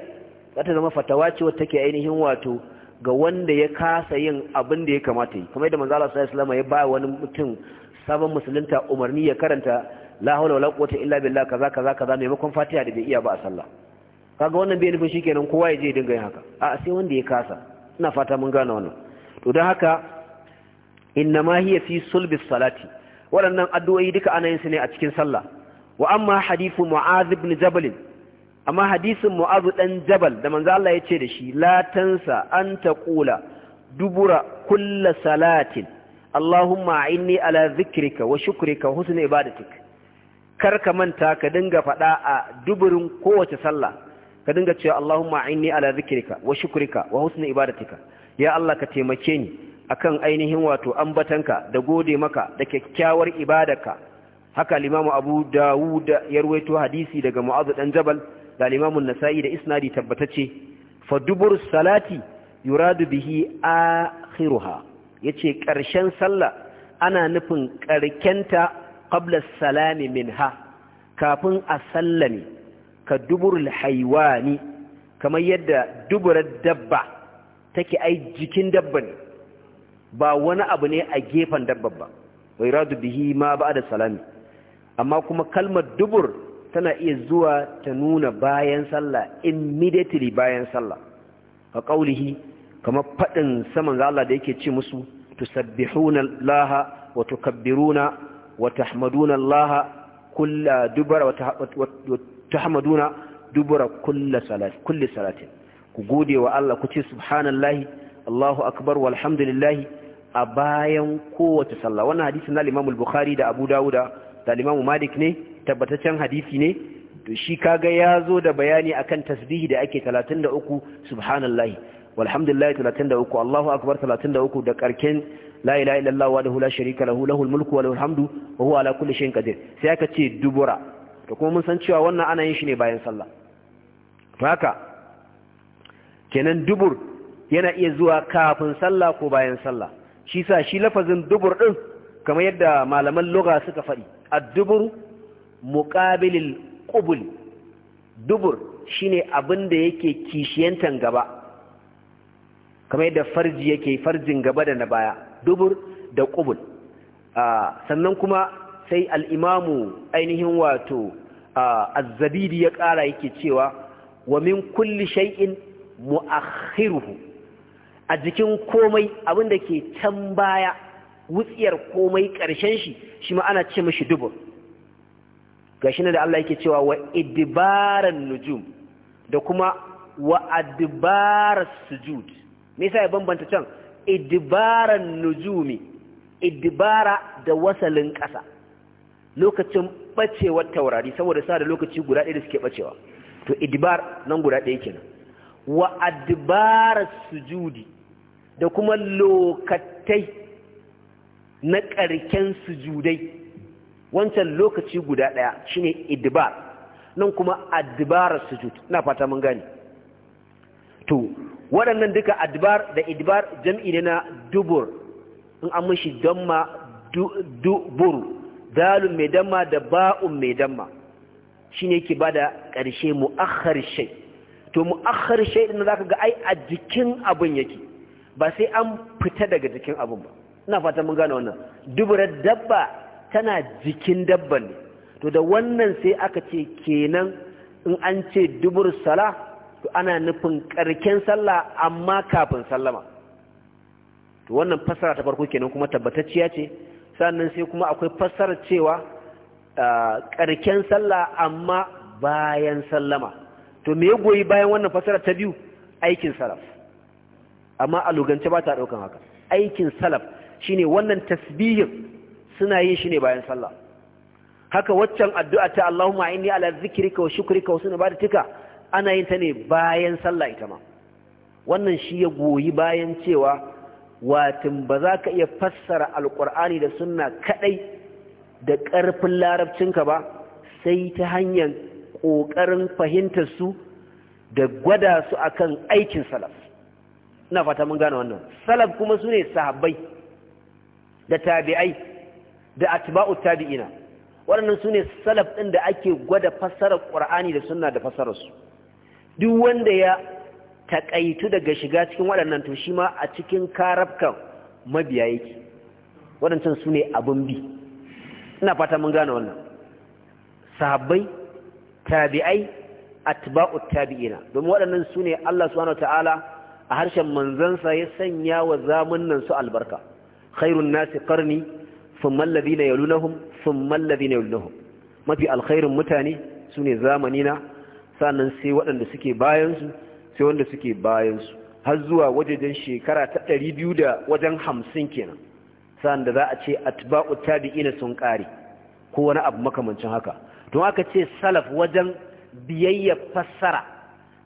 za ta zama fatawa ce wacce take ainihin wato ga wanda ya kasa yin abin da ya kamata yi Kuma yadda manzo Allah sallallahu alaihi wasallam ya ba wani mutum sabon musulunta umarni ya karanta la hawla wala quwwata illa billah kaza kaza kaza makon fatiha da bai iya ba a sallah kaga wannan bai nufin shikenan kowa ya je ya dinga yin haka a sai wanda ya kasa ina fata mun gane wannan to dan haka ma hiya fi sulbi salati waɗannan addu'o'i duka ana yin su ne a cikin sallah wa amma hadithu mu'adh ibn jabal amma hadisin mu'azu dan jabal da manzo Allah ce da shi la tansa an taqula dubura kulla salatin Allahumma inni ala dhikrika wa shukrika wa ibadatik kar ka manta ka dinga fada a duburin kowace sallah ka dinga cewa Allahumma inni ala dhikrika wa shukrika wa husni ibadatika ya Allah ka taimake ni akan ainihin wato ambatanka da gode maka da kyakkyawar ibadarka haka limamu abu dawud ya ruwaito hadisi daga mu'azu dan jabal ga limamun nasa'i da isnadi tabbatacce fa salati yuradu bihi akhiruha yace ƙarshen sallah ana nufin ƙarkenta qabla salami minha kafin a sallame ka duburul haiwani kamar yadda duburar dabba take ai jikin dabba ne ba wani abu ne a gefen dabba ba wa yuradu bihi ma ba'da salami amma kuma kalmar dubur tana iya zuwa ta nuna bayan sallah immediately bayan sallah ka qaulihi kamar fadin saman Allah da yake ce musu tusabbihuna laha wa tukabbiruna wa tahmaduna Allah kulla dubara wa tahmaduna dubara kulla salat kulli salatin ku gode wa Allah ku ce subhanallahi Allahu akbar walhamdulillahi a bayan kowace sallah wannan hadisin na Imam bukhari da Abu Dawud da Imam Malik ne tabbataccen hadisi ne to shi kaga ya zo da bayani akan tasbihi da ake 33 subhanallahi walhamdulillahi 33 Allahu akbar 33 da karken la ilaha illallah wahdahu la sharika lahu lahul mulku wa lahul hamdu wa huwa ala kulli shay'in qadir sai aka ce dubura to kuma mun san cewa wannan ana yin shi ne bayan sallah to haka kenan dubur yana iya zuwa kafin sallah ko bayan sallah shi sa shi lafazin dubur din kamar yadda malaman lugha suka faɗi ad dubur. muƙabilin ƙubul dubur shine abin da yake kishiyantan gaba kamar yadda farji yake farjin gaba da na baya dubur da ƙubul sannan kuma sai al'imamu ainihin wato a zabidi ya ƙara yake cewa wa min kulli shay'in mu'akhiruhu a jikin komai abin da ke can baya wutsiyar komai ƙarshen shi shi ma ana ce mashi dubur gashi da Allah yake cewa wa idbaran nujum da kuma wa adbaras sujud me yasa ya bambanta can idbaran nujumi idibara da wasalin ƙasa lokacin ɓacewar taurari saboda sa da lokaci guda ɗaya da suke bacewa to idbar nan guda ɗaya kenan wa adbaras sujudi da kuma lokatai na ƙarken sujudai wancan lokaci guda ɗaya shine idbar nan kuma adbar sujud ina fata mun gani to waɗannan duka adbar da idbar jam'i ne na dubur in an mishi damma dubur dalun mai damma da ba'un mai damma shine yake bada ƙarshe mu'akhkhar shay to mu'akhkhar shay din ka ga ai a jikin abin yake ba sai an fita daga jikin abin ba ina fata mun gane wannan duburar dabba tana jikin dabban ne to da wannan sai aka ce kenan in an ce dubur sala to ana nufin karken sallah amma kafin sallama to wannan fassara ta farko kenan kuma tabbatacciya ce sannan sai kuma akwai fassarar cewa karken sallah amma bayan sallama to me ya goyi bayan wannan fassara ta biyu aikin salaf amma a lugance ba ta daukan haka aikin salaf shine wannan tasbihin suna yin shi ne bayan sallah haka waccan addu'a ta Allahumma inni ala zikrika wa shukrika wa sunna tuka ana yin ta ne bayan sallah ita ma wannan shi ya goyi bayan cewa watan ba za ka iya fassara alkur'ani da sunna kaɗai da ƙarfin larabcinka ba sai ta hanyar ƙoƙarin fahimtar su da gwada su akan aikin salaf ina fata mun gane wannan salaf kuma sune ne sahabbai da tabi'ai da atba'u tabi'ina waɗannan sune salaf ɗin da ake gwada fassarar qur'ani da sunna da fassarar duk wanda ya takaitu daga shiga cikin waɗannan to shi ma a cikin karabkan mabiya yake waɗancan sune abin bi ina fata mun gane wannan sahabbai tabi'ai atba'u tabi'ina domin waɗannan sune Allah subhanahu wataala a harshen manzansa ya sanya wa zamannan su albarka khairun nasi qarni thumma alladhina yalunahum thumma alladhina yalunahum mafi alkhairin mutane sune zamani na sannan sai waɗanda suke bayansu, sai wanda suke bayansu. har zuwa wajejen shekara ta 200 da wajen 50 kenan Sannan da za a ce atba'u tabi'ina sun kare ko wani abu makamancin haka don aka ce salaf wajen biyayya fassara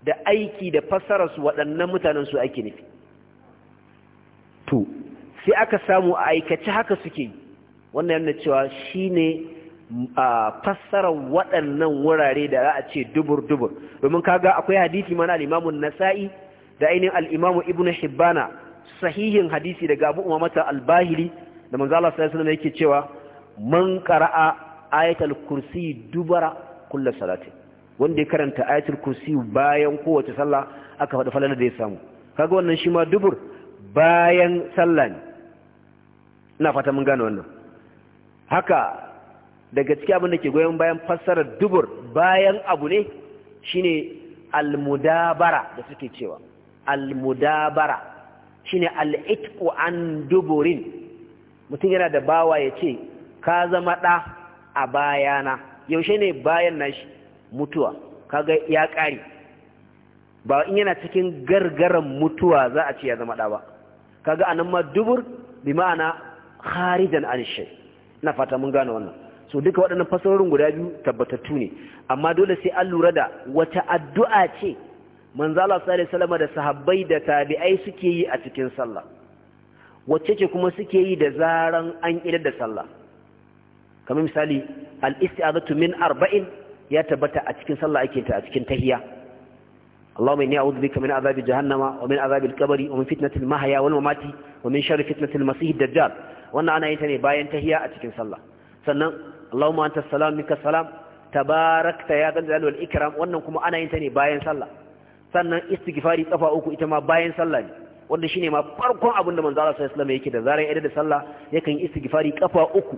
da aiki da fassara su waɗannan mutanen su ake nufi to sai aka samu a aikace haka suke yi wannan yana cewa shine a fassarar waɗannan wurare da za a ce dubur-dubur domin kaga akwai hadisi mana al'imamun nasa'i da ainihin al'imamu ibn hibbana sahihin hadisi daga abu umarmata albahili da manzala Allah sallallahu yake cewa man ƙara'a ayatul kursi dubara kullum salatin, wanda ya karanta ayatul kursi bayan kowace sallah aka faɗi falalar da ya samu kaga wannan shi ma dubur bayan sallah ne ina fata mun gane wannan haka daga cikin abin da ke goyon bayan fassarar dubur bayan abu ne shine almudabara da suke cewa almudabara shine al'itqu an duburin mutum yana da bawa ya ce ka zama ɗa a bayana yaushe ne bayan nashi mutuwa kaga ya ƙari. ba in yana cikin gargaran mutuwa za a ce ya zama ɗa ba kaga anan ma dubur bi ma'ana kharijan an shay ina fata mun gane wannan so duka waɗannan fasarorin guda biyu tabbatattu ne amma dole sai an lura da wata addu'a ce manzo Allah sallallahu alaihi wasallam da sahabbai da tabi'ai suke yi a cikin sallah wacce ce kuma suke yi da zaran an idar da sallah kamar misali al isti'adatu min arba'in ya tabbata a cikin sallah ake ta a cikin tahiyya اللهم إني أعوذ بك من عذاب جهنم ومن عذاب الكبر ومن فتنة المحيا والممات ومن شر فتنة المسيح الدجال wannan ana yin ta ne bayan tahiya a cikin sallah sannan Allahumma anta salam tabarakta ya zal jalal wal ikram wannan kuma ana yin ta ne bayan sallah sannan istighfari kafa uku ita ma bayan sallah ne wanda shine ma farkon abin da manzo Allah sallallahu alaihi wasallam yake da zarar ya da sallah yakan yi istighfari kafa uku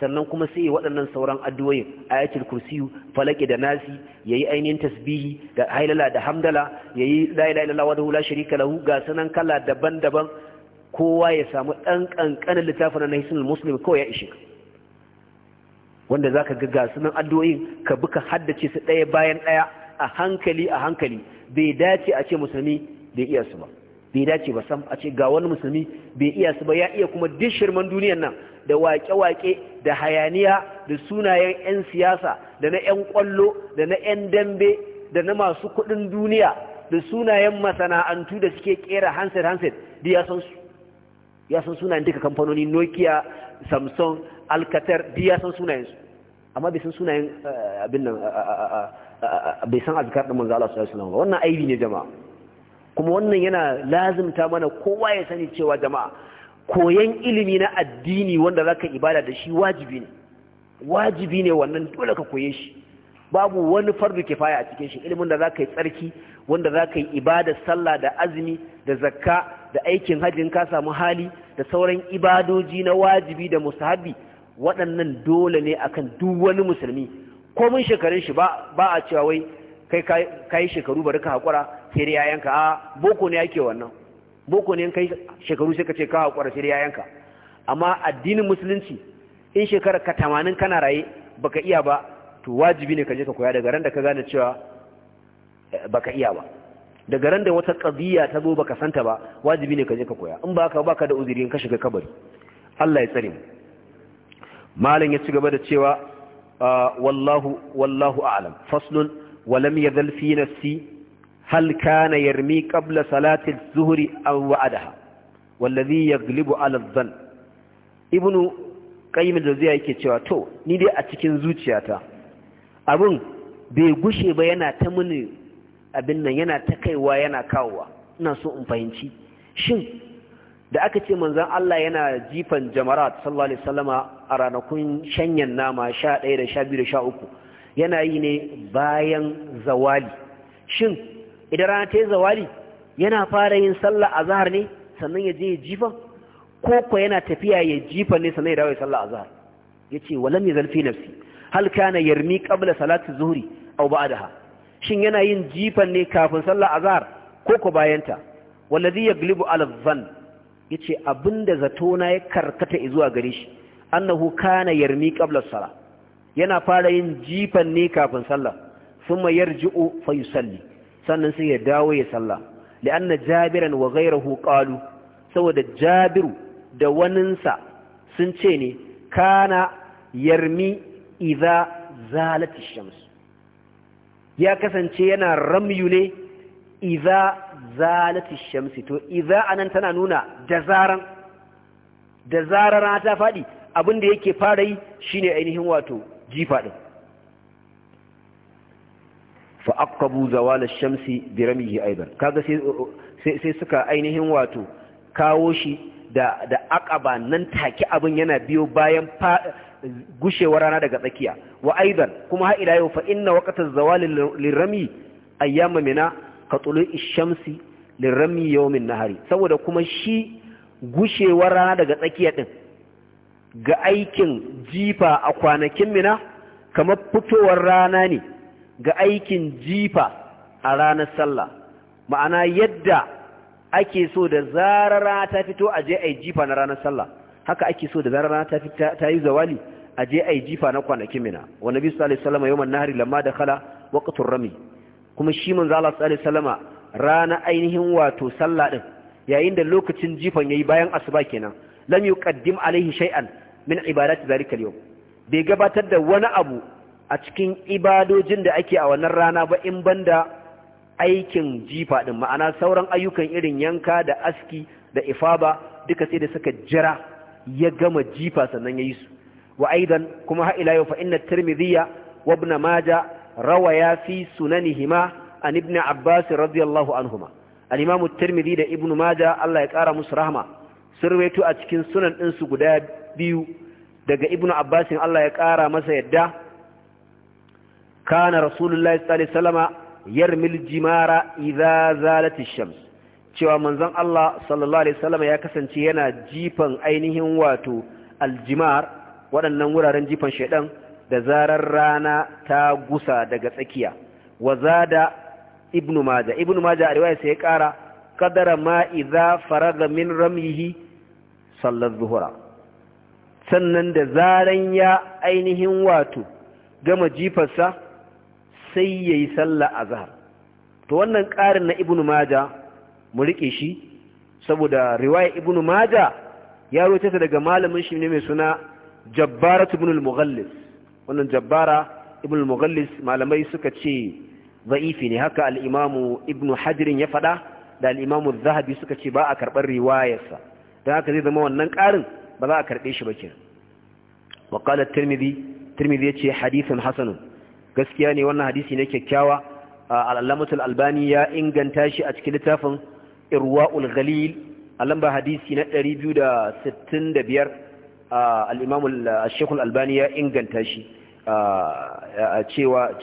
sannan kuma sai waɗannan sauran addu'o'in yakin kursiyu falaki da nasi yayi ainihin tasbihi da hailala da hamdala yayi yi ilaha illallah wahdahu la lahu ga sanan kala daban-daban kowa ya samu dan kankanin littafin na hisnul muslim kawai ya ishe wanda zaka ga ga sanan addu'o'in ka buka haddace su ɗaya bayan ɗaya a hankali a hankali bai dace a ce musulmi bai iya su ba bai dace ba sam a ce ga wani musulmi bai iya su ba ya iya kuma duk shirman duniyar nan da waƙe-waƙe da hayaniya da sunayen 'yan siyasa da na 'yan ƙwallo da na 'yan dambe da na masu kuɗin duniya da sunayen masana'antu da suke ƙera hanset-hanset da ya san su ya san sunayen duka kamfanoni nokia samsung alcatar duk ya san sunayen su amma bai san sunayen eh, abin nan bai san azkar da manzala Allah sallallahu alaihi wasallam wannan aibi ne jama'a kuma wannan yana lazimta mana kowa ya sani cewa jama'a koyan ilimi na addini wanda zaka ibada da shi wajibi ne wajibi ne wannan dole ka koye shi babu wani fardu kifaya a cikin shi ilimin da zaka yi tsarki wanda ka yi ibada sallah da azumi da zakka da aikin haji ka samu hali da sauran ibadoji na wajibi da mustahabi waɗannan dole ne akan duk wani musulmi komin shekarun shi ba a cewa wai kai kayi shekaru bari ka haƙura sai dai yayanka a boko ne yake wannan boko ne kai shekaru sai ka ce ka haƙura sai dai yayanka amma addinin musulunci in shekarar ka tamanin kana raye baka iya ba to wajibi ne ka je ka koya daga ran da ka gane cewa eh, baka iya ba daga ran da wata qadiya ta zo baka santa ba wajibi ne ka je ka koya in baka baka da uzuri in ka shiga kabari Allah ya tsare mu malam ya ci gaba da cewa ah, wallahu wallahu a'lam faslun wa lam yadhal fi nafsi هل كان يرمي قبل صلاة الظهر أو وعدها والذي يغلب على الظن ابن قيم الجزية yake cewa to ni dai a cikin zuciyata abun bai gushe ba yana ta mini abin nan yana ta kaiwa yana kawowa ina so in fahimci shin da aka ce manzon Allah yana jifan jamarat sallallahu alaihi wasallama a ranakun shanyan nama 11 da 12 da 13 yana yi ne bayan zawali shin idan rana ta yi zawali yana fara yin sallah a zahar ne sannan ya je ya jifa ko ko yana tafiya ya jifa ne sannan ya dawo ya sallah a zahar ya ce walam ya zalfi nafsi hal kana yarmi qabla salati zuhri aw ba'daha shin yana yin jifan ne kafin sallah azhar ko ko bayanta wallazi yaglibu ala dhann yace abinda zato na ya karkata zuwa gare shi annahu kana yarmi qabla salah yana fara yin jifan ne kafin sallah thumma yarji'u fa yusalli sannan sai ya dawo ya sallah li'anna jabiran wa ghayruhu qalu saboda jabiru da waninsa sun ce ne kana yarmi idza zalat shams ya kasance yana ramyu ne idza zalat shams to idza anan tana nuna da zaran da zarar ta fadi abin da yake fara yi shine ainihin wato jifa din fa aqabu zawal ash-shamsi bi ramihi aidan kaga sai sai suka ainihin wato kawo shi da da aqaba nan take abin yana biyo bayan gushewar rana daga tsakiya wa aidan kuma har ila yau fa inna waqtaz zawal lirami ayyama mina ka tulu'i shamsi lirami yawmin nahari saboda kuma shi gushewar rana daga tsakiya din ga aikin jifa a kwanakin mina kamar fitowar rana ne ga aikin jifa a ranar sallah ma'ana yadda ake so da zarara ta fito a je a yi jifa na ranar sallah haka ake so da zarara ta ta yi zawali a je a yi jifa na kwanakin mina wa nabi sallallahu alaihi wasallam yawman nahri lamma dakhala waqtur rami kuma shi manzo Allah sallallahu alaihi wasallama rana ainihin wato sallah din yayin da lokacin jifan yayi bayan asuba kenan lam yuqaddim alaihi shay'an min ibadati zalika al-yawm bai gabatar da wani abu a cikin ibadojin da ake a wannan rana ba in banda aikin jifa din ma'ana sauran ayyukan irin yanka da aski da ifaba duka sai da suka jira ya gama jifa sannan yayi su wa aidan kuma ha ila yau fa inna tirmidhiya wa ibn majah rawaya fi sunanihima an ibn abbas radiyallahu anhuma al-imam tirmidhi da ibn majah Allah ya kara musu rahma surwaitu a cikin sunan din guda biyu daga ibn abbas Allah ya kara masa yadda kana rasulullahi sallallahu alaihi wasallama yarmil jimara idza zalat ash-shams cewa manzon Allah sallallahu alaihi wasallama ya kasance yana jifan ainihin wato aljimar waɗannan wuraren jifan shedan da zarar rana ta gusa daga tsakiya wa zada ibnu maja ibnu maja a riwaya sai ya ƙara qadara ma idza faraga min ramyihi sallar zuhura sannan da zaran ya ainihin wato gama jifarsa sai yayi sallah zahar, to wannan ƙarin na ibnu maja mu rike shi saboda riwaya ibnu maja ya roce ta daga malamin shi ne mai suna jabbara ibn al-mughallis wannan jabbara ibn al-mughallis malamai suka ce za'ifi ne haka al-imamu ibnu hajirin ya faɗa da al-imamu zahabi suka ce ba a karɓar riwayarsa don haka zai zama wannan ƙarin ba za a karɓe shi ba kenan wa qala at-tirmidhi tirmidhi yace hadithun hasanun gaskiya ne wannan hadisi ne kyakkyawa al'allamatul albani ya inganta shi a cikin littafin irwa'ul ghalil a lamba hadisi na 265 al'imamul shekul albani ya inganta shi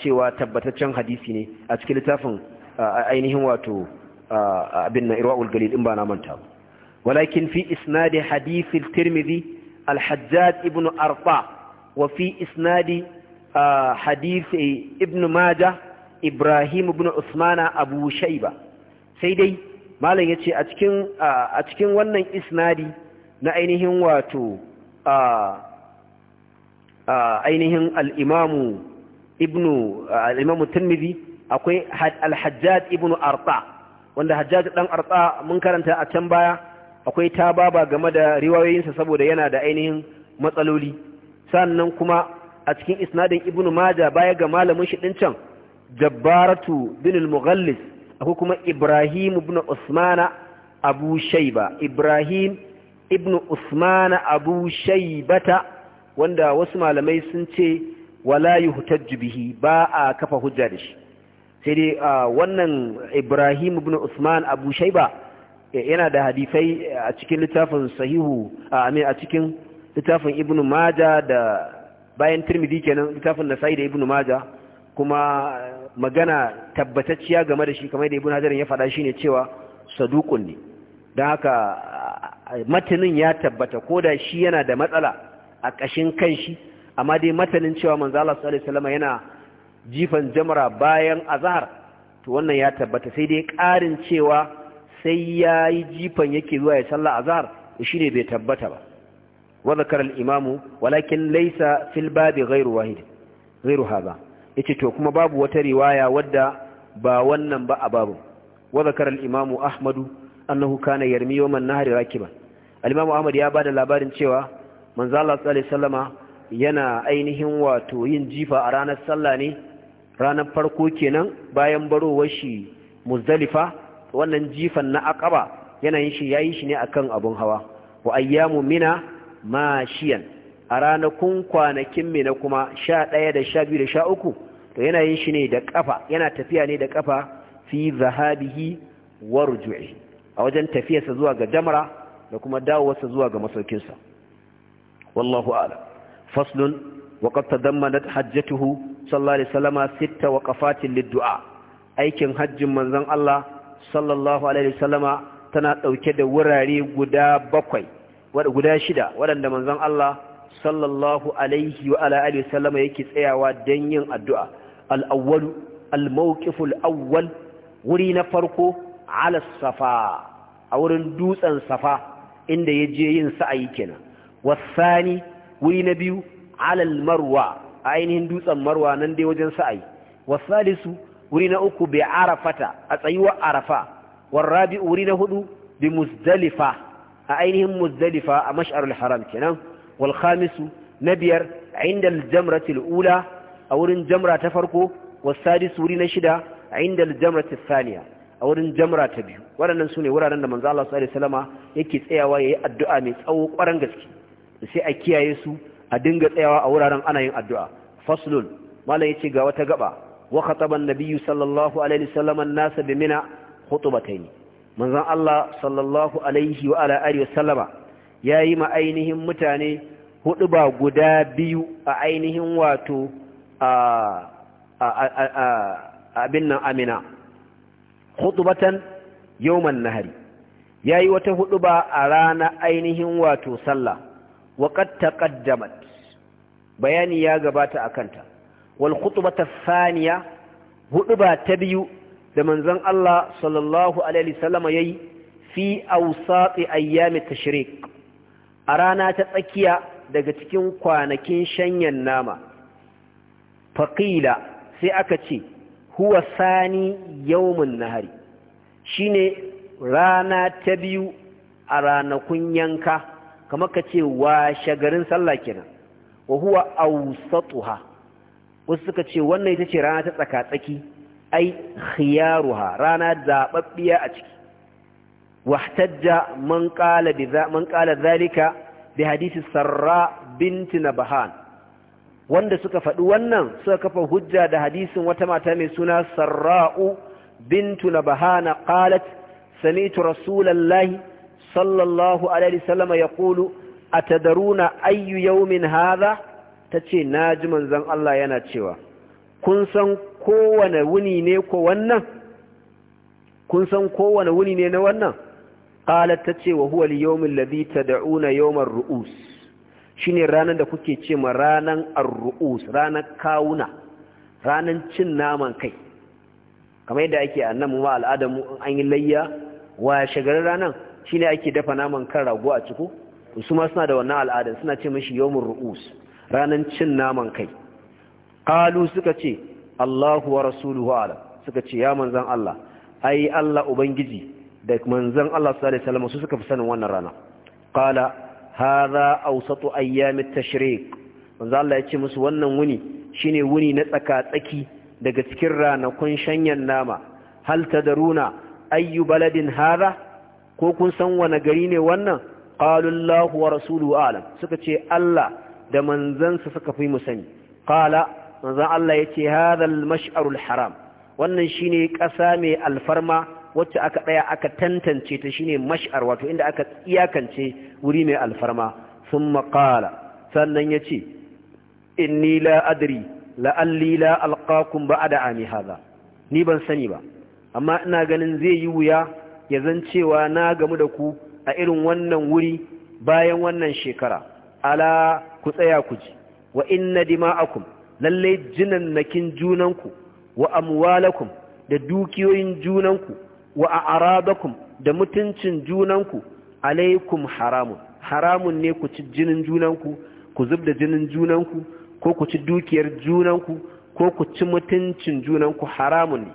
cewa tabbataccen hadisi ne a cikin littafin ainihin wato abin na irwa'ul Galil in ba na manta walakin fi isnadi hadithin tirmidhi الحجاج arfa wa fi isnadi hadisi ibn maja ibrahim ibn usmana abu shaiba sai dai malam ya ce a cikin wannan isnadi na ainihin wato ainihin al'imamu ibn al'imamu akwai al-hajjaj ibn arta wanda hajjaj ɗan arta mun karanta a can baya akwai ta baba game da riwayoyinsa saboda yana da ainihin matsaloli sannan kuma a cikin isnadin ibn Majah baya ga malamin shi din can Jabbaratu bin al-Mughallis akwai kuma Ibrahim ibn usman Abu Shayba Ibrahim ibn Usman Abu Shaybata wanda wasu malamai sun ce wala yuhtajju bihi ba a kafa hujja da shi sai dai wannan Ibrahim ibn Usman Abu Shayba eh, yana da hadisai eh, a cikin littafin sahihu a cikin littafin Ibn Majah da bayan tirmidhi kenan littafin nasa'i da ibnu maja kuma eh, magana tabbatacciya game da shi kamar da ibnu hajar ya faɗa shine cewa saduqun ne don haka eh, matanin ya tabbata ko da shi yana da matsala a ƙashin shi, amma dai matanin cewa manzo Allah sallallahu yana jifan jamara bayan azhar to wannan ya tabbata sai dai ƙarin cewa sai yayi jifan yake zuwa ya sallah shi ne bai tabbata ba wa zakara al-imam walakin laysa fil bab ghayru wahid ghayru hadha to kuma babu wata riwaya wadda ba wannan ba a babu wa zakara al-imam ahmad annahu kana yarmi yawm an-nahr rakiban al ahmad ya ba da labarin cewa manzo Allah sallallahu yana ainihin wato yin jifa a ranar sallah ne ranar farko kenan bayan barowar shi muzdalifa wannan jifan na aqaba yana yin shi yayi shi ne akan abun hawa wa ayyamu mina mashiyan a ranakun kwanakin na kuma sha ɗaya da sha biyu da sha uku to yana yin shi ne da ƙafa yana tafiya ne da ƙafa fi zahabihi wa ruju'i a wajen tafiyarsa zuwa ga jamra da kuma dawowarsa zuwa ga masaukinsa wallahu ala faslun وقد تضمنت damma na hajjatuhu aikin hajjin manzon Allah sallallahu alaihi wasallama tana dauke da wurare guda bakwai guda shida waɗanda manzon Allah sallallahu alaihi wa ala alihi sallama yake tsayawa don yin addu'a al-awwalu al-mawqiful awwal wuri na farko ala safa a wurin dutsen safa inda ya je yin sa'ayi kenan wasani wuri na biyu ala marwa a ainihin dutsen marwa nan dai wajen sa'ayi wasalisu wuri na uku bi arafata a tsayuwar arafa warabi wuri na hudu bi muzdalifa a ainihin muzdalifa a mashar al-haram kenan wal khamisu na biyar inda al-jamrat al-ula a wurin jamra ta farko was sadis wuri na shida inda al-jamrat al-thaniya a wurin jamra ta biyu waɗannan sune wuraren da manzo Allah sallallahu alaihi wasallama yake tsayawa yayin addu'a mai tsawo ƙwaran gaske sai a kiyaye su a dinga tsayawa a wuraren ana yin addu'a faslun malai yace ga wata gaba wa khataban nabiyyu sallallahu alaihi wasallama an-nasa bi mina khutbataini manzon Allah sallallahu alaihi wa ala alihi wasallama yayi ma ainihin mutane hudu ba guda biyu a ainihin wato a abin nan amina khutbatan yawman nahari yayi wata hudu ba a rana ainihin wato sallah wa qad taqaddamat bayani ya gabata akanta wal khutbata thaniya hudu ba ta biyu da manzon Allah sallallahu alaihi wasallama yayi fi awsati ayyami tashrik a rana ta tsakiya daga cikin kwanakin shanyan nama faqila sai aka ce huwa sani yawmun nahari shine rana ta biyu a ranakun yanka kamar ka ce wa shagarin sallah kenan wa huwa awsatuha wasu suka ce wannan ita ce rana ta tsaka tsaki ai khiyaruha rana zababbiya a ciki wahtajja man qala bi man qala zalika bi hadisi sarra binti nabahan wanda suka faɗi wannan suka kafa hujja da hadisin wata mata mai suna sarra'u bintu nabahana qalat sami'tu rasulallahi sallallahu alaihi wasallam yaqulu atadaruna ayyu yawmin hadha tace naji manzon Allah yana cewa kun san kowane wuni ne ko wannan kun san kowane wuni ne na wannan qalat tace wa huwa al-yawm alladhi tad'una yawm ar-ru'us shine ranan da kuke ce ma ranan ar-ru'us ranan kawuna ranan cin naman kai kamar yadda ake annabi ma in an yi layya wa shagar ranan shine ake dafa naman kan rago a ciko su ma suna da wannan al'adan suna ce mishi yawmur ru'us ranan cin naman kai qalu suka ce Allahu wa rasuluhu ala suka ce ya manzan Allah ai Allah ubangiji da manzan Allah sallallahu alaihi wasallam su suka fi sanin wannan rana qala hadha awsatu ayyamit tashriq manzan Allah ya ce musu wannan wuni shine wuni na tsaka tsaki daga cikin ranakun shanyan nama hal tadaruna ayyu baladin hadha ko kun san wani gari ne wannan qalu Allahu wa rasuluhu alam suka ce Allah da manzansa suka fi mu sani qala manzon Allah yace hadal mash'arul haram wannan shine ƙasa mai alfarma wacce aka ɗaya aka tantance ta shine mash'ar wato inda aka iyakance wuri mai alfarma sun maƙala. sannan yace inni la adri la'alli la alqakum ba'da ami haza. ni ban sani ba amma ina ganin zai yi wuya ya zan cewa na gamu da ku a irin wannan wuri bayan wannan shekara ala ku tsaya ku ji wa inna dima'akum lalle nakin junanku wa amwalakum da dukiyoyin junanku wa a'radakum da mutuncin junanku alaikum haramun haramun ne ku ci jinin junanku ku zubda jinin junanku ko ku ci dukiyar junanku ko ku ci mutuncin junanku haramun ne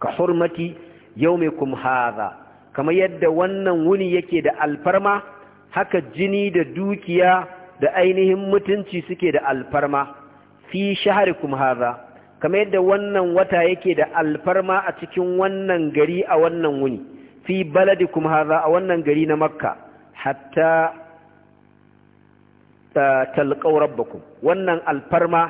ka hurmati yawmikum hadha kamar yadda wannan wuni yake da alfarma haka jini da dukiya da ainihin mutunci suke da alfarma fi shaharikum hadha kamar yadda wannan wata yake da alfarma a cikin wannan gari a wannan wuni fi baladikum hadha a wannan gari na makka hatta talqaw rabbakum wannan alfarma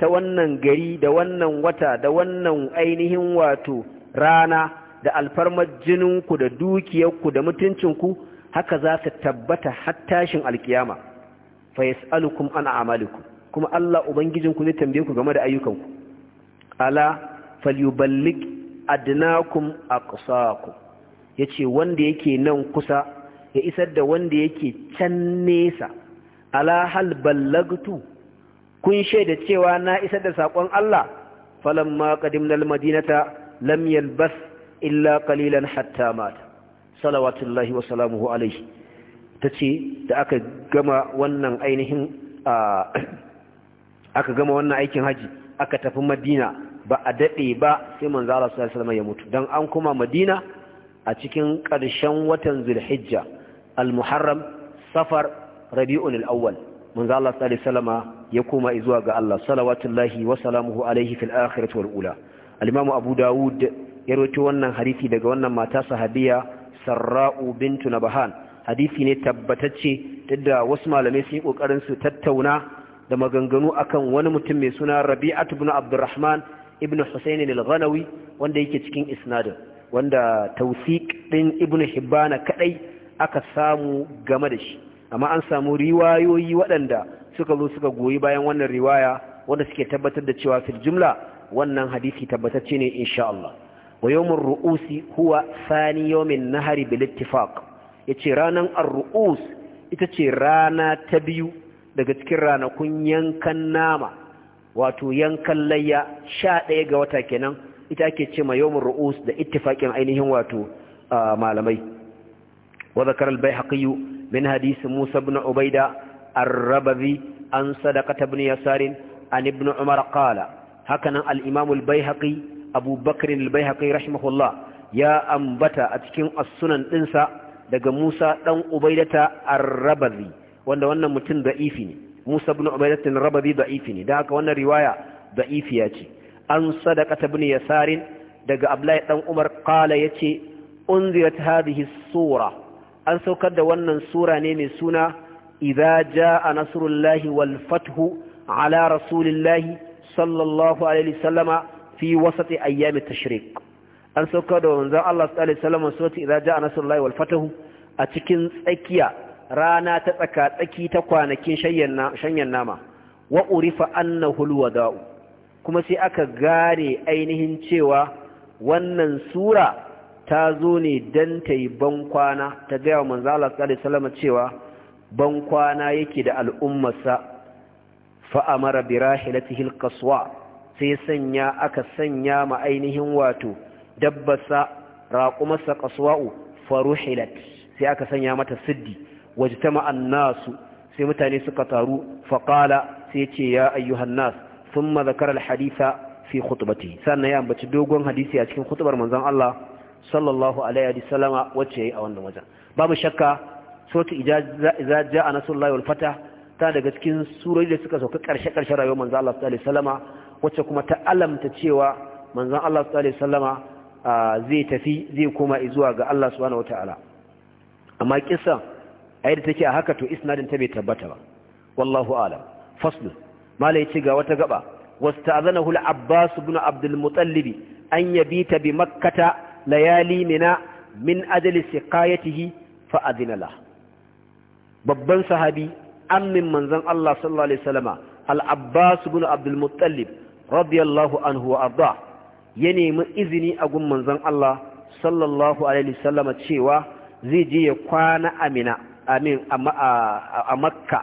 ta wannan gari da wannan wata da wannan ainihin wato rana da alfarmar jininku da dukiyarku da mutuncinku haka za su tabbata har tashin alkiyama fa yas'alukum an a'malikum kuma Allah ubangijinku zai tambaye ku game da ayyukanku ala falyuballigh adnakum aqsaakum yace wanda yake nan kusa ya isar da wanda yake can nesa ala hal ballagtu kun shaida cewa na isar da sakon Allah falamma qadimna almadinata lam yalbas illa qalilan hatta mat salawatullahi wa salamuhu alayhi tace da aka gama wannan ainihin ah, aka gama wannan aikin haji aka tafi madina ba a daɗe ba sai manzo Allah sallallahu alaihi ya mutu dan an kuma madina a cikin ƙarshen watan zulhijja al-muharram safar rabi'un al-awwal manzo Allah sallallahu alaihi ya koma zuwa ga Allah salawatullahi wa salamuhu alaihi fil akhirati wal ula al-imam abu daud ya rawaito wannan hadisi daga wannan mata sahabiya sarra'u bintu nabahan hadisi ne tabbatacce da wasu malamai sun yi kokarin su tattauna da maganganu akan wani mutum mai suna rabi'atu ibn abdurrahman ibn husayn al-ghanawi wanda yake cikin isnadin wanda tawsiq din ibn hibbana kadai aka samu game da shi amma an samu riwayoyi waɗanda suka zo suka goyi bayan wannan riwaya wanda suke tabbatar da cewa fil jumla wannan hadisi tabbatacce ne insha Allah wa yawmur ru'usi huwa thani yawmin nahari bil ittifaq yace ranan ar-ru'us ita ce rana ta biyu daga cikin ranakun yankan nama wato yankan layya sha ɗaya ga wata kenan ita ake ce ma yawon ru'us da ittifaƙin ainihin wato malamai wa zakar al min hadisi Musa ibn Ubaida ar-Rabazi an sadaqata ibn Yasar an ibn Umar qala hakanan al-Imam haƙi, bayhaqi Abu haƙi al rahimahullah ya ambata a cikin asunan ɗinsa dinsa daga Musa dan Ubaidata ar-Rabazi wanda wannan mutum da'ifi ne Musa bin Ubaidah bin Rababi da'ifi ne da haka wannan riwaya da'ifiya ce an sadaka sadaqata ibn Yasarin daga Abdullahi dan Umar qala yace unzirat hadhihi sura an saukar da wannan sura ne mai suna idza jaa nasrullahi wal fathu ala rasulillahi sallallahu alaihi wasallama fi wasati ayyami tashriq an saukar da wanzan Allah sallallahu alaihi wasallama surati idza jaa nasrullahi wal fathu a cikin tsakiya rana ta tsaka tsaki ta kwanakin shanyan nama wa urifa hulwa alwada'u kuma sai aka gane ainihin cewa wannan sura ta zo ne don ta yi bankwana ta gaya wa manzala sallallahu salama cewa bankwana yake da al'ummarsa fa'amara birahilatihi alqaswa sai sanya aka sanya ma ainihin wato dabbasa raqumarsa qaswa'u faruhilat sai aka sanya mata siddi wajtama annasu sai mutane suka taru faqala sai ce ya ayyuhan nas thumma zakara alhaditha fi khutbati sannan ya ambaci dogon hadisi a cikin khutbar manzon Allah sallallahu alaihi wa sallam wacce yayi a wannan wajen babu shakka suratu ijaza jaa nasrullahi wal fatah ta daga cikin surori da suka sauka karshe karshen rayuwar manzon Allah sallallahu alaihi wa sallama wacce kuma ta alamta cewa manzon Allah sallallahu alaihi wa sallam zai tafi zai koma zuwa ga Allah subhanahu wataala amma kisan ai da take a haka to isnadin ta bai tabbata ba wallahu alam fasl malai ce ga wata gaba wasta'zanahu al-abbas ibn abdul muttalib an yabita bi makkata layali mina min ajli siqayatihi fa adina la babban sahabi ammin manzon Allah sallallahu alaihi wasallama al-abbas ibn abdul muttalib radiyallahu anhu wa arda ya nemi izini a gun manzon Allah sallallahu alaihi wasallama cewa zai je ya kwana amina amin a makka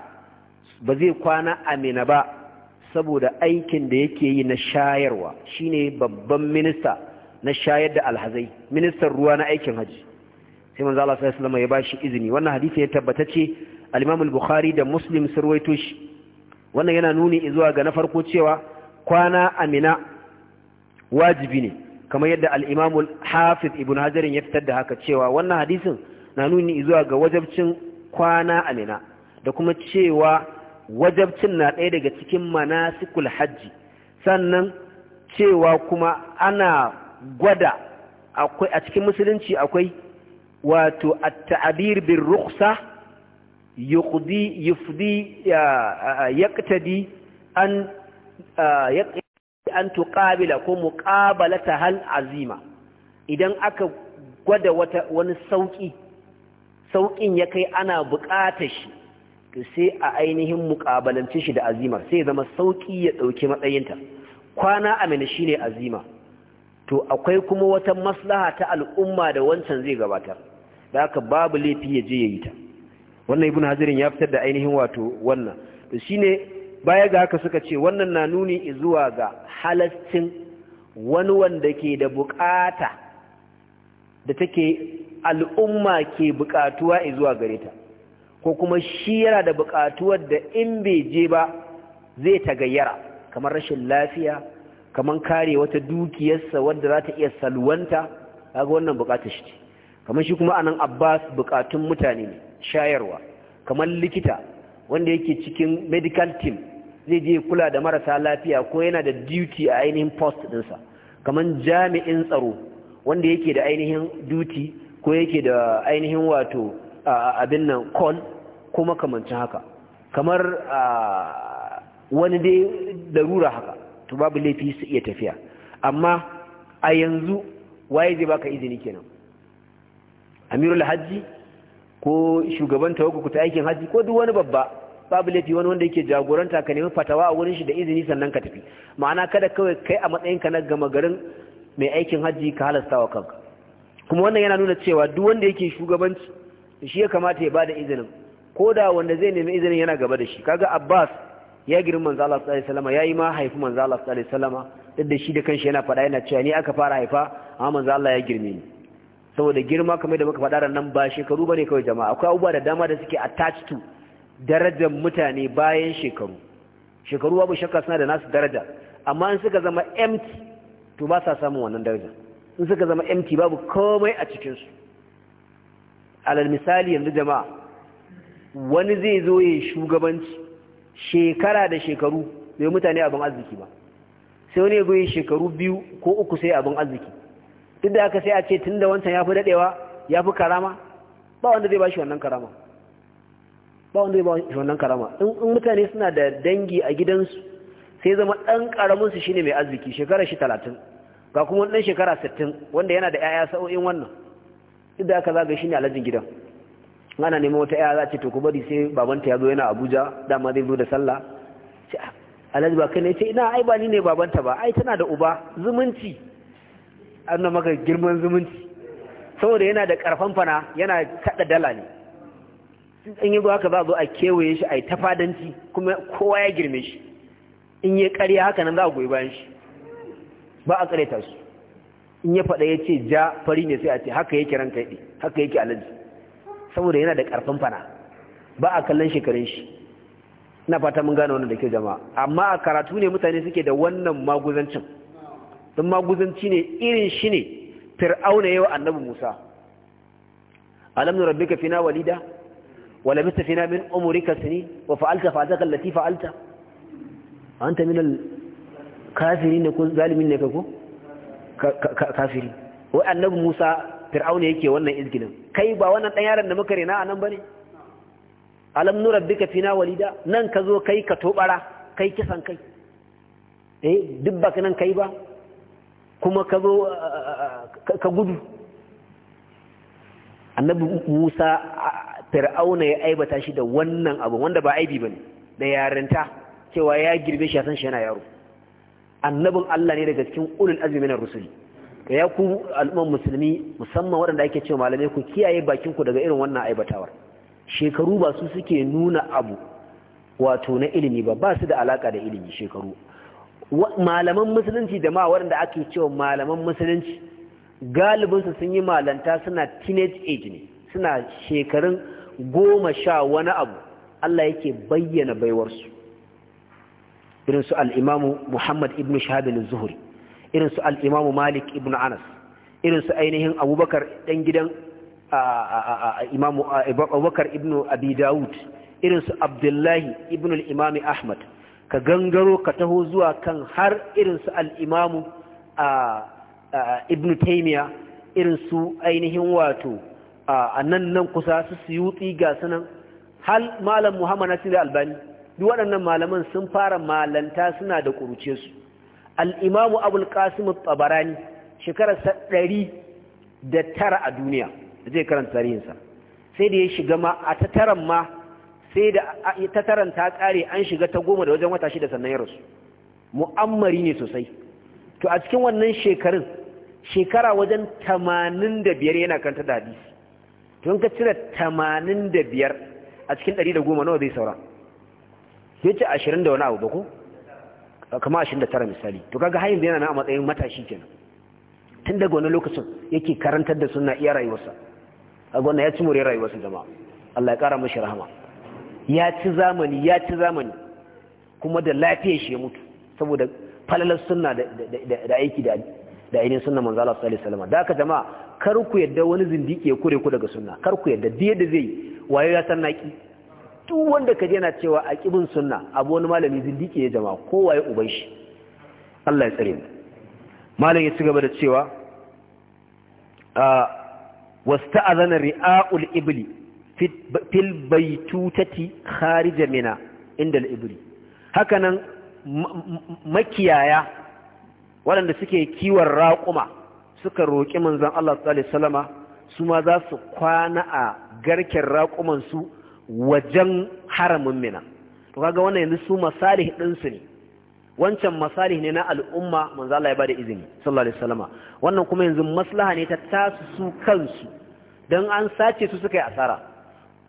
ba zai kwana amina ba saboda aikin da yake yi na shayarwa shine babban minista na shayar da alhazai ministan ruwa na aikin haji sai manzo Allah sallallahu alaihi wasallam ya bashi izini wannan hadisi ya tabbatace al-Imam al-Bukhari da Muslim sun ruwaito shi wannan yana nuni zuwa ga na farko cewa kwana amina wajibi ne kamar yadda al al-Hafiz Ibn Hajar ya fitar da haka cewa wannan hadisin na nuni zuwa ga wajabcin kwana a mina da kuma cewa wajabcin na ɗaya daga cikin manasikul hajji sannan cewa kuma ana gwada akwai a cikin musulunci akwai wato a ta'adir bin ruksa yufdi an an tuƙabila ko ta hal azima idan aka gwada wani sauƙi. sauƙin ya kai ana buƙatar shi to sai a ainihin muƙabalance shi da azima sai zama sauƙi ya ɗauki matsayinta kwana amina shi ne azima to akwai kuma wata maslaha ta al'umma da wancan zai gabatar da aka babu laifi ya je ya yi ta wannan ibn hazirin ya fitar da ainihin wato wannan to shine baya ga haka suka ce wannan na nuni zuwa ga halastin wani wanda ke da bukata da take al'umma ke buƙatuwa zuwa gare ta ko kuma shi yana da buƙatuwar da in bai je ba zai ta gayyara kamar rashin lafiya kamar kare wata dukiyarsa wadda za ta iya salwanta kaga wannan buƙatar shi kamar shi kuma anan Abbas buƙatun mutane ne shayarwa kamar likita wanda yake cikin medical team zai je kula da marasa lafiya ko yana da duty a ainihin post ɗinsa kamar jami'in tsaro wanda yake da ainihin duty ko yake da ainihin wato abin nan call ko makamancin haka kamar wani dai darura haka to babu laifi su iya tafiya amma a yanzu waye zai baka izini kenan amirul hajji ko shugaban tawakkuk ta aikin hajji ko duk wani babba babu laifi wani wanda yake jagoranta ka nemi fatawa a wurin shi da izini sannan ka tafi ma'ana kada kawai kai a matsayinka na gama garin mai aikin hajji ka halasta wa kanka kuma wannan yana nuna cewa duk wanda yake shugabanci shi ya kamata ya bada izinin ko da wanda zai nemi izinin yana gaba da shi kaga Abbas ya girma manzo Allah sallallahu alaihi wasallam yayi ma haifi manzo Allah sallallahu alaihi wasallam duk da shi da kanshi yana faɗa yana cewa ni aka fara haifa amma manzo Allah ya girme ni saboda girma kamar da muka faɗa ran nan ba shekaru bane kawai jama'a akwai abuwa da dama da suke attached to darajar mutane bayan shekaru shekaru babu shakka suna da nasu daraja amma in suka zama empty to ba sa samun wannan darajar in suka zama empty babu komai a cikinsu alal misali yanzu jama'a wani zai zo ya shugabanci shekara da shekaru bai mutane abin arziki ba sai wani ya goyi shekaru biyu ko uku sai abin arziki duk da aka sai a ce tun da wancan ya fi daɗewa ya fi karama ba wanda zai ba shi wannan karama ba wanda zai ba shi wannan karama in mutane suna da dangi a gidansu sai zama ɗan su shine mai arziki shekara shi talatin ga kuma wani ɗan shekara 60 wanda yana da 'ya'ya sa'o'in wannan duk da aka zaga shi ne alhajin gidan ana neman wata 'ya'ya za ce to ku bari sai babanta ya zo yana abuja dama zai zo da sallah ah, alhaji ba kai ne ce ina ai ba ni ne babanta ba ai tana da uba zumunci an na maka girman zumunci saboda yana da karfan fana yana kaɗa dala ne in yi haka za a zo a kewaye shi a yi tafadanci kuma kowa ya girme shi in yi karya haka nan za a goyi bayan shi ba a kareta su in ya faɗa ya ce ja fari ne sai a ce haka yake ranka yaɗe haka yake alaji saboda yana da ƙarfin fana ba a kallon shekarun shi ina fata mun gane wannan da ke jama'a amma a karatu ne mutane suke da wannan maguzancin don maguzanci ne irin shi ne fir'auna yawa annabi musa rabbi ka fina walida wala bista fina min umurika sini wa fa'alta fa'alta kallati fa'alta anta min kafiri ne ko zalimin ne ka ko kafiri wai annabi Musa fir'auna yake wannan izgilin kai ba wannan dan yaron da muka rena a nan bane alam rabbika fina walida nan ka zo kai ka tobara kai kisan kai eh duk baka nan kai ba kuma ka zo ka gudu annabi Musa fir'auna ya aibata shi da wannan abu wanda ba aibi bane da yarinta cewa ya girbe shi a san shi yana yaro annabin Allah ne daga cikin ulul azmi minar rusuli ga ya ku al'umman musulmi musamman waɗanda ake cewa malamai ku kiyaye bakin ku daga irin wannan aibatawar shekaru ba su suke nuna abu wato na ilimi ba ba su da alaka da ilimi shekaru malaman musulunci da ma waɗanda ake cewa malaman musulunci galibinsu sun yi malanta suna teenage age ne suna shekarun goma sha wani abu Allah yake bayyana baiwarsu irin su al'imamu muhammad ibn shahabin zuhuri irin su al'imamu malik ibn anas irin su ainihin abubakar ɗan gidan imamu abubakar ibn abi dawud irin su abdullahi ibn al'imami ahmad ka gangaro ka taho zuwa kan har irin su al'imamu ibn taimiya irin su ainihin wato a nan nan kusa su wuti ga sanan hal malam muhammad nasir albani duk waɗannan malaman sun fara malanta suna da ƙuruce su al'imamu abul ƙasimu tsabarani shekararsa ɗari da tara a duniya zai karanta tarihinsa sai da ya shiga ma a ta ma sai da ta taran ta ƙare an shiga ta goma da wajen wata shida sannan ya rasu mu'ammari ne sosai to a cikin wannan shekarun shekara wajen tamanin da biyar yana karanta da hadisi to in ka cire tamanin da biyar a cikin ɗari da goma nawa zai saura ya ce ashirin da wani abu ba ko kama ashirin da tara misali to kaga hayin yana na a matsayin matashi kenan tun daga wani lokacin yake karantar da suna iya rayuwarsa a gwanna ya ci more rayuwarsa jama'a Allah ya kara mashi rahama ya ci zamani ya ci zamani kuma da lafiyar shi ya mutu saboda falalar suna da aiki da ainihin sunna manzo Allah sallallahu alaihi wasallam da aka jama'a kar ku yadda wani zindiki ya kure ku daga sunna kar ku yadda da zai wayo ya san naki duk wanda ka yana cewa a ƙibin sunna abu wani malami zindiki ya jama kowa ya uban shi Allah ya tsare mu malam ya ci gaba da cewa wasta'azana ri'a'ul ibli fil baitutati kharija mina inda al-ibli hakanan makiyaya waɗanda suke kiwon raƙuma suka roƙi manzon Allah sallallahu alaihi wasallama su ma za su kwana a garken raƙuman su wajen haramin mina to kaga wannan yanzu su masalih ɗinsu ne wancan masalih ne na al'umma manzo Allah ya bada izini sallallahu alaihi wasallama wannan kuma yanzu maslaha ne ta tasu su kansu dan an sace su suka yi asara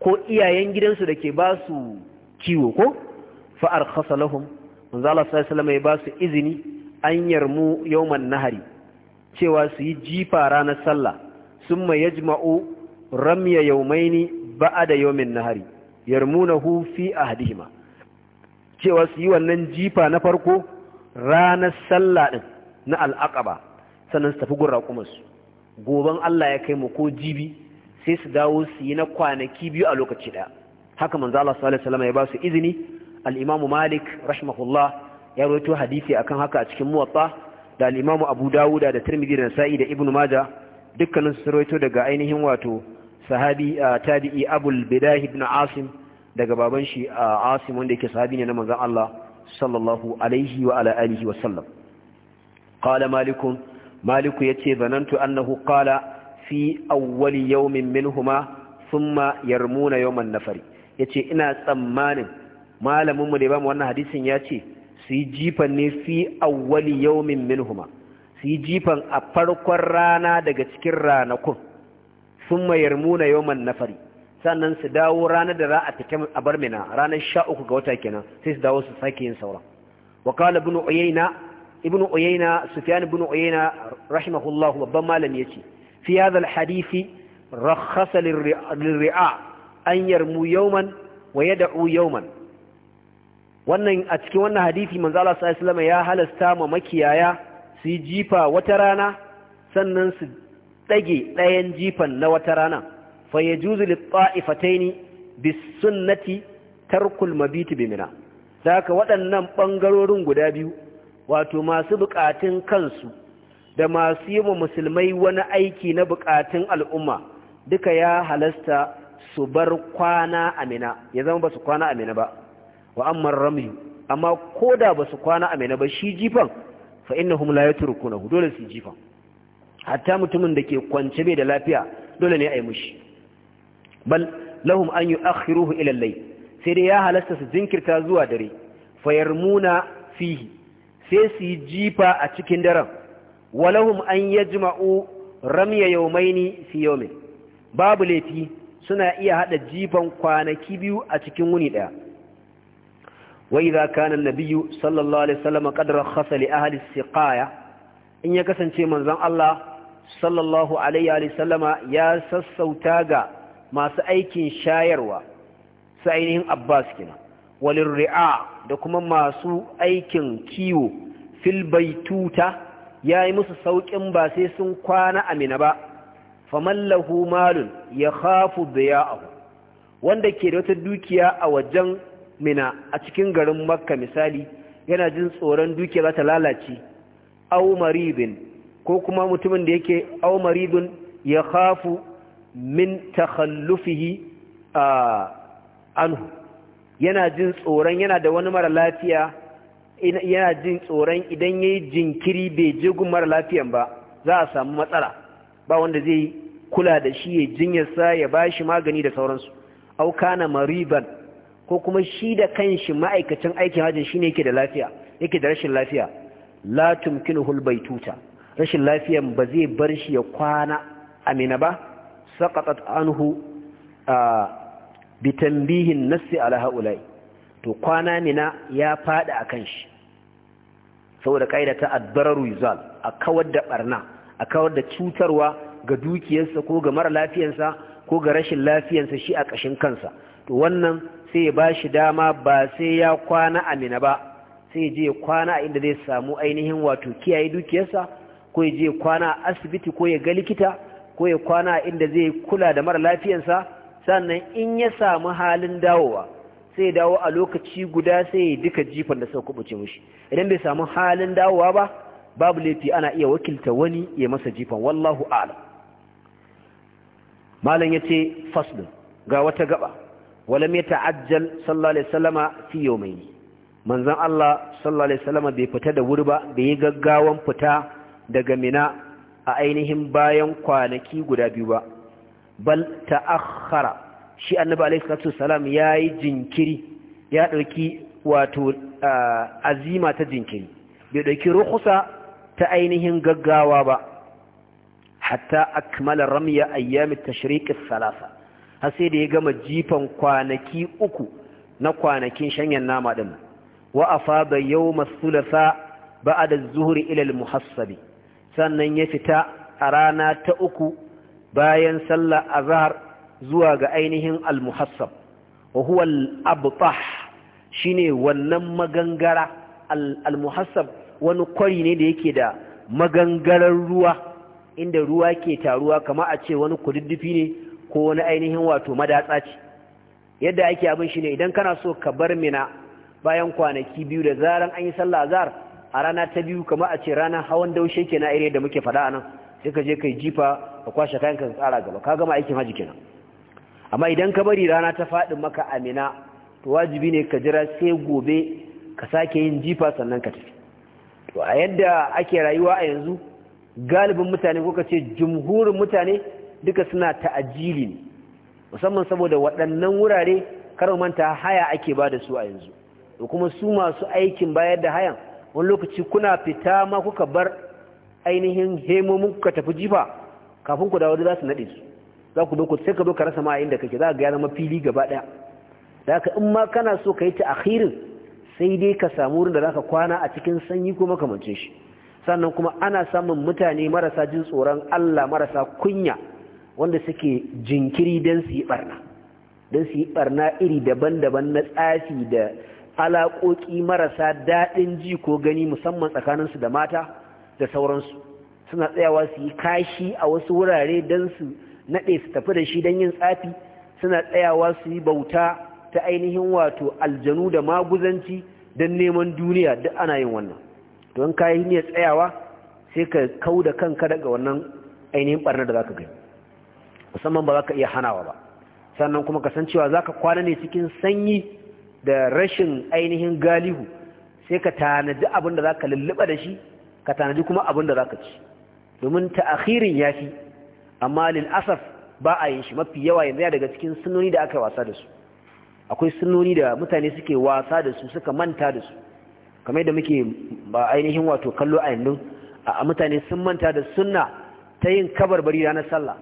ko iyayen gidansu da ke ba su kiwo ko fa arkhasa lahum manzo Allah sallallahu alaihi wasallama ya ba su izini an yarmu yawman nahari cewa su yi jifa ranar sallah summa yajma'u ramya yawmaini ba'ada yawmin nahari yarmunahu fi ahdihima cewa su yi wannan jifa na farko ranar sallah din na al'aqaba sannan su tafi gurra kuma su goban Allah ya kai mu ko jibi sai su dawo su yi na kwanaki biyu a lokaci daya haka manzo Allah sallallahu alaihi wasallam ya ba su izini al imamu Malik rahimahullah ya rawaito hadisi akan haka a cikin Muwatta da al imamu Abu Dawud da Tirmidhi da Nasa'i da Ibn Majah dukkanin su rawaito daga ainihin wato sahabi tabi'i abul bidah ibn asim daga baban shi asim wanda yake sahabi ne na manzon Allah sallallahu alaihi wa ala alihi wa sallam qala malikun maliku yace banantu annahu qala fi awwali yawmin minhuma thumma yarmuna yawman nafari yace ina tsammanin malamin mu da ba mu wannan hadisin yace su yi jifan ne fi awwali yawmin minhuma su yi jifan a farkon rana daga cikin ranakun sun mayar muna yawan nafari sannan su dawo ranar da za a tafi a bar ranar sha uku ga wata kenan sai su dawo su sake yin sauran Wakala kala ibn uyayna ibn uyayna sufyan ibn uyayna rahimahullah babban malam yace fi hadha alhadisi rakhasa lirri'a an yarmu yawman wa yad'u yawman wannan a cikin wannan hadisi manzo Allah sallallahu alaihi wasallam ya halasta ma makiyaya su jifa wata rana sannan su ɗage ɗayan jifan na wata rana fa ya juzu littaifataini bis sunnati tarkul mabiti bimina da haka waɗannan ɓangarorin guda biyu wato masu buƙatun kansu da masu yi wa musulmai wani aiki na buƙatun al'umma duka ya halasta su bar kwana amina ya zama ba su kwana amina ba wa amman amma ko da ba su kwana amina ba shi jifan fa innahum la yatrukunahu dole su jifan hatta mutumin da ke kwance bai da lafiya dole ne a yi mushi bal lahum an yi ila ilallai, sai dai ya halasta su jinkirta zuwa dare fayarmuna fihi sai su yi jifa a cikin daren walahum an jima'u ramya yawmaini fi yawmin babu laifi suna iya haɗa jifan kwanaki biyu a cikin wuni Wai za ka nan na nabiyyu sallallahu alaihi wasallam qad rakhasa li ahli as in ya kasance manzon Allah sallallahu alaihi wa sallama ya sassauta ga masu aikin shayarwa su ainihin Abbas kina walin ri'a da kuma masu aikin kiwo fil baituta ya yi musu sauƙin ba sai sun kwana amina ba famallahu malun ya khafu biya'ahu wanda ke da wata dukiya a wajen mina a cikin garin makka misali yana jin tsoron dukiya za ta lalace aw maridin ko kuma mutumin da yake aw maridun ya khafu min takhallufihi anhu yana jin tsoron yana da wani mara lafiya yana jin tsoron idan yayi jinkiri bai je gun mara lafiyan ba za a samu matsala ba wanda zai kula da shi ya sa ya bashi magani da sauransu au kana mariban ko kuma shi da kanshi ma'aikacin aikin hajji shine yake da lafiya yake da rashin lafiya la tumkinuhu albaytuta rashin lafiyan ba zai bar shi ya kwana amina ba saqatat anhu bi tanbihin nassi ala haula'i to kwana mina ya fada akan shi saboda kaida ta addararu yuzal a kawar da barna a kawar da cutarwa ga dukiyarsa ko ga mara lafiyarsa ko ga rashin lafiyarsa shi a ƙashin kansa to wannan sai ya bashi dama ba sai ya kwana amina ba sai ya je ya kwana inda zai samu ainihin wato kiyaye dukiyarsa ko ya je kwana asibiti ko ya ga likita ko ya kwana a inda zai kula da mara lafiyansa. sannan in ya samu halin dawowa sai ya dawo a lokaci guda sai ya duka jifan da suka kubuce mushi idan bai samu halin dawowa ba babu laifi ana iya wakilta wani ya masa jifan wallahu a'lam malam yace faslun ga wata gaba walam ta'ajjal sallallahu alaihi wasallama fi yawmayni manzon Allah sallallahu alaihi wasallam bai fita da wuri ba bai yi gaggawan fita daga mina a ainihin bayan kwanaki guda biyu ba bal ta'akhkhara shi annabi alaihi salatu wasallam yayi jinkiri ya dauki wato azima ta jinkiri bai dauki rukusa ta ainihin gaggawa ba hatta akmala ramya ayyam at-tashriq thalatha har sai da ya gama jifan kwanaki uku na kwanakin shanyan nama din wa afada yawm as-sulasa ba'da az-zuhri ila muhassabi sannan ya fita a rana ta uku bayan sallar azhar zuwa ga ainihin al-muhassab wa huwa al-abtah shine wannan magangara al-muhassab wani kwari ne da yake da magangaran ruwa inda ruwa ke taruwa kama a ce wani kududdufi ne ko wani ainihin wato madatsa ce yadda ake abin shi ne idan kana so ka bar mina bayan kwanaki biyu da zaran an yi sallah azhar a rana ta biyu kama a ce ranar hawan daushe kenan ire da muke faɗa anan sai ka je kai jifa ka kwashe kayan ka tsara gaba ka gama aikin haji kenan amma idan ka bari rana ta faɗi maka amina to wajibi ne ka jira sai gobe ka sake yin jifa sannan ka tafi to a yadda ake rayuwa a yanzu galibin mutane ko ka ce jumhurin mutane duka suna ta'ajili ne musamman saboda waɗannan wurare karo manta haya ake ba da su a yanzu da kuma su masu aikin bayar da hayan wani lokaci kuna fita ma kuka bar ainihin hemomin kuka tafi jifa kafin ku dawo da za su naɗe su za ku doko sai ka zo ka rasa ma inda kake za ka gaya zama fili gaba ɗaya da aka in ma kana so ka yi ta akhirin sai dai ka samu wurin da za ka kwana a cikin sanyi ko makamancin shi sannan kuma ana samun mutane marasa jin tsoron Allah marasa kunya wanda suke jinkiri don su yi barna don su yi barna iri daban-daban na tsafi da alaƙoƙi marasa daɗin ji ko gani musamman tsakaninsu da mata da sauransu suna tsayawa su yi kashi a wasu wurare don su naɗe su tafi da shi don yin tsafi suna tsayawa su yi bauta ta ainihin wato aljanu da maguzanci don neman duniya duk ana yin wannan don kayi ne tsayawa sai ka kau da kanka daga wannan ainihin barnar da za ka gani musamman ba za ka iya hanawa ba sannan kuma kasancewa za ka kwana ne cikin sanyi da rashin ainihin galihu sai ka tanadi abin da za ka lulluɓa da shi ka tanadi kuma abin da za ka ci domin ta akhirin ya fi amma lil asaf ba a yin shi mafi yawa yanzu ya daga cikin sunoni da aka wasa da su akwai sunoni da mutane suke wasa da su suka manta da su kamar da muke ba ainihin wato kallo a yanzu a mutane sun manta da sunna ta yin kabar kabarbari ranar sallah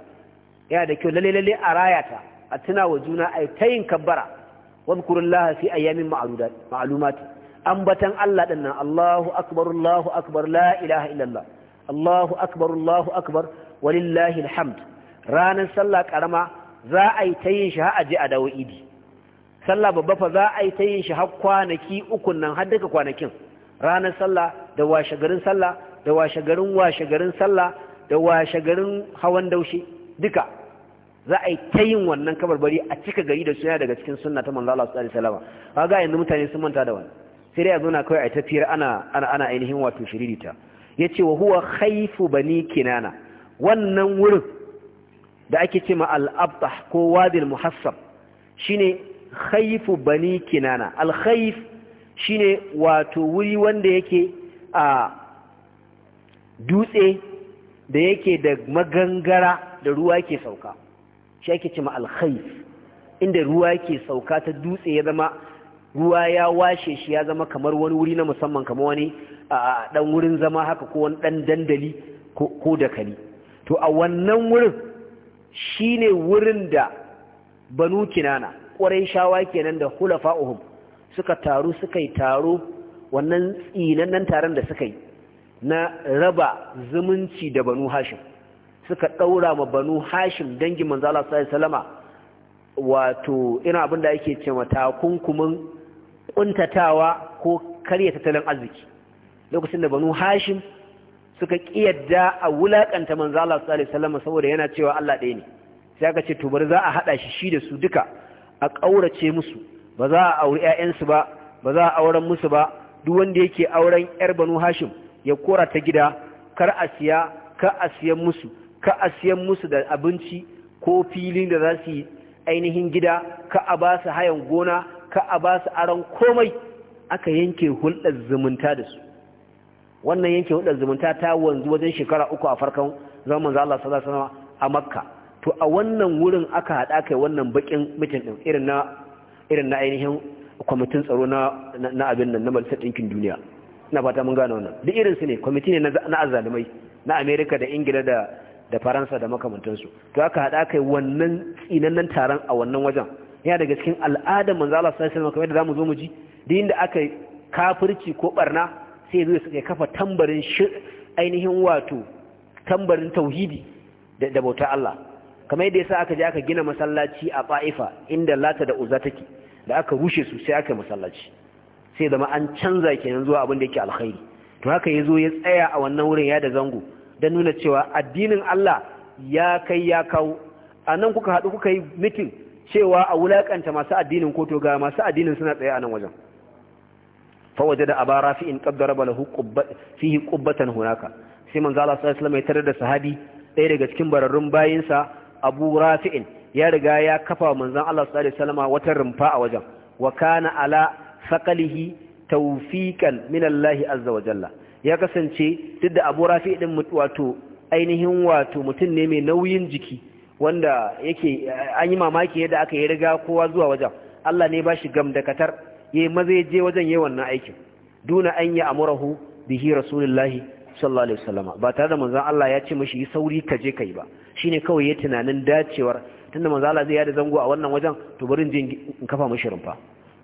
yana da kyau lalle lalle a rayata a tuna wa juna a ta yin kabbara wadhkurullaha fi ayyamin ma'ludat ma'lumat ambatan Allah dinnan Allahu akbar Allahu akbar la ilaha illallah Allahu akbar Allahu walillahi alhamd ranan sallah karama za a yi ta yin shi har a je a dawo idi sallah babba fa za a yi ta yin shi har kwanaki uku nan har duka kwanakin ranar sallah da washe garin sallah da washe garin washe garin sallah da washe garin hawan daushe duka za a yi ta yin wannan kabarbari a cika gari da suna daga cikin sunna ta manzala su tsari Salama. ba ga yanzu mutane sun manta da wani. sai dai a zo na kawai a tafiyar ana ainihin wato shiririta yace wa huwa khayfu bani kinana wannan wurin da ake ce ma ko wadil muhassab shine khayfu bani kinana al shine wato wuri wanda yake a dutse da yake da magangara da ruwa yake sauka shi ake cima alkhais inda ruwa yake sauka ta dutse ya zama ruwa ya washe shi ya zama kamar wani wuri na musamman kamar wani a dan wurin zama haka ko wani dan dandali ko dakali to a wannan wurin shi ne wurin da banu kinana ƙwarai shawa kenan da hulafa'uhum suka taru suka yi taro wannan tsinannen taron da suka yi na raba zumunci da banu hashim suka ɗaura ma banu hashim dangin manzo Allah sallallahu alaihi wasallama wato ina abin da yake cewa takunkumin kuntatawa ko karya tattalin arziki lokacin da banu hashim suka kiyarda a wulakanta manzo Allah sallallahu alaihi wasallama saboda yana cewa Allah ɗaya ne sai aka ce to bari za a hada shi shi da su duka a kaurace musu ba za a auri ƴaƴansu ba ba za a auren musu ba duk wanda yake auren ƴar banu hashim ya kora ta gida kar a siya kar a siyan musu ka a siyan musu da abinci ko filin da za su yi ainihin gida ka a ba su hayan gona ka a ba su aron komai aka yanke hulɗar zumunta da su wannan yanke hulɗar zumunta ta wanzu wajen shekara uku a farkon zaman manzo Allah sallallahu alaihi wasallam a Makka to a wannan wurin aka haɗa kai wannan bakin mutum din irin na irin na ainihin kwamitin tsaro na na abin nan na Majalisar Ɗinkin Duniya ina fata mun gane wannan duk irin su ne kwamiti ne na azalumai na Amerika da Ingila da da faransa da makamantansu to aka haɗa kai wannan tsinannen taron a wannan wajen yana daga cikin al'adar manzo Allah sallallahu alaihi wasallam kamar da zamu zo mu ji duk inda aka kafirci ko barna sai zai su kafa tambarin ainihin wato tambarin tauhidi da da bauta Allah kamar yadda yasa aka je aka gina masallaci a Ba'ifa inda Lata da Uzza take da aka rushe su sai aka masallaci sai zama an canza kenan zuwa abin da yake alkhairi to haka yazo ya tsaya a wannan wurin ya da zango da nuna cewa addinin Allah ya kai ya kawo a nan kuka haɗu kuka yi mitin cewa a wulaƙanta masu addinin ko toga ga masu addinin suna tsaye a nan wajen fawaje da abara fi in Bala balahu fihi ƙubbatan hunaka sai manzo Allah sallallahu alaihi wasallam ya tarar da sahabi ɗaya daga cikin bararrun bayinsa Abu Rafi'in ya riga ya kafa manzon Allah sallallahu alaihi wasallam wata rumfa a wajen wa kana ala faqalihi tawfiqan minallahi Allah azza wa jalla ya kasance duk da abu rafi din wato ainihin wato mutum ne mai nauyin jiki wanda yake an yi mamaki yadda aka yi riga kowa zuwa wajen Allah ne ba shi katar ya yi maza je wajen yi wannan aikin duna an yi amurahu bihi rasulullahi sallallahu alaihi wasallam ba tare da manzon Allah ya ce mashi yi sauri ka je kai ba shine kawai ya tunanin dacewar tunda manzon Allah zai yada zango a wannan wajen to bari in in kafa mashi rumfa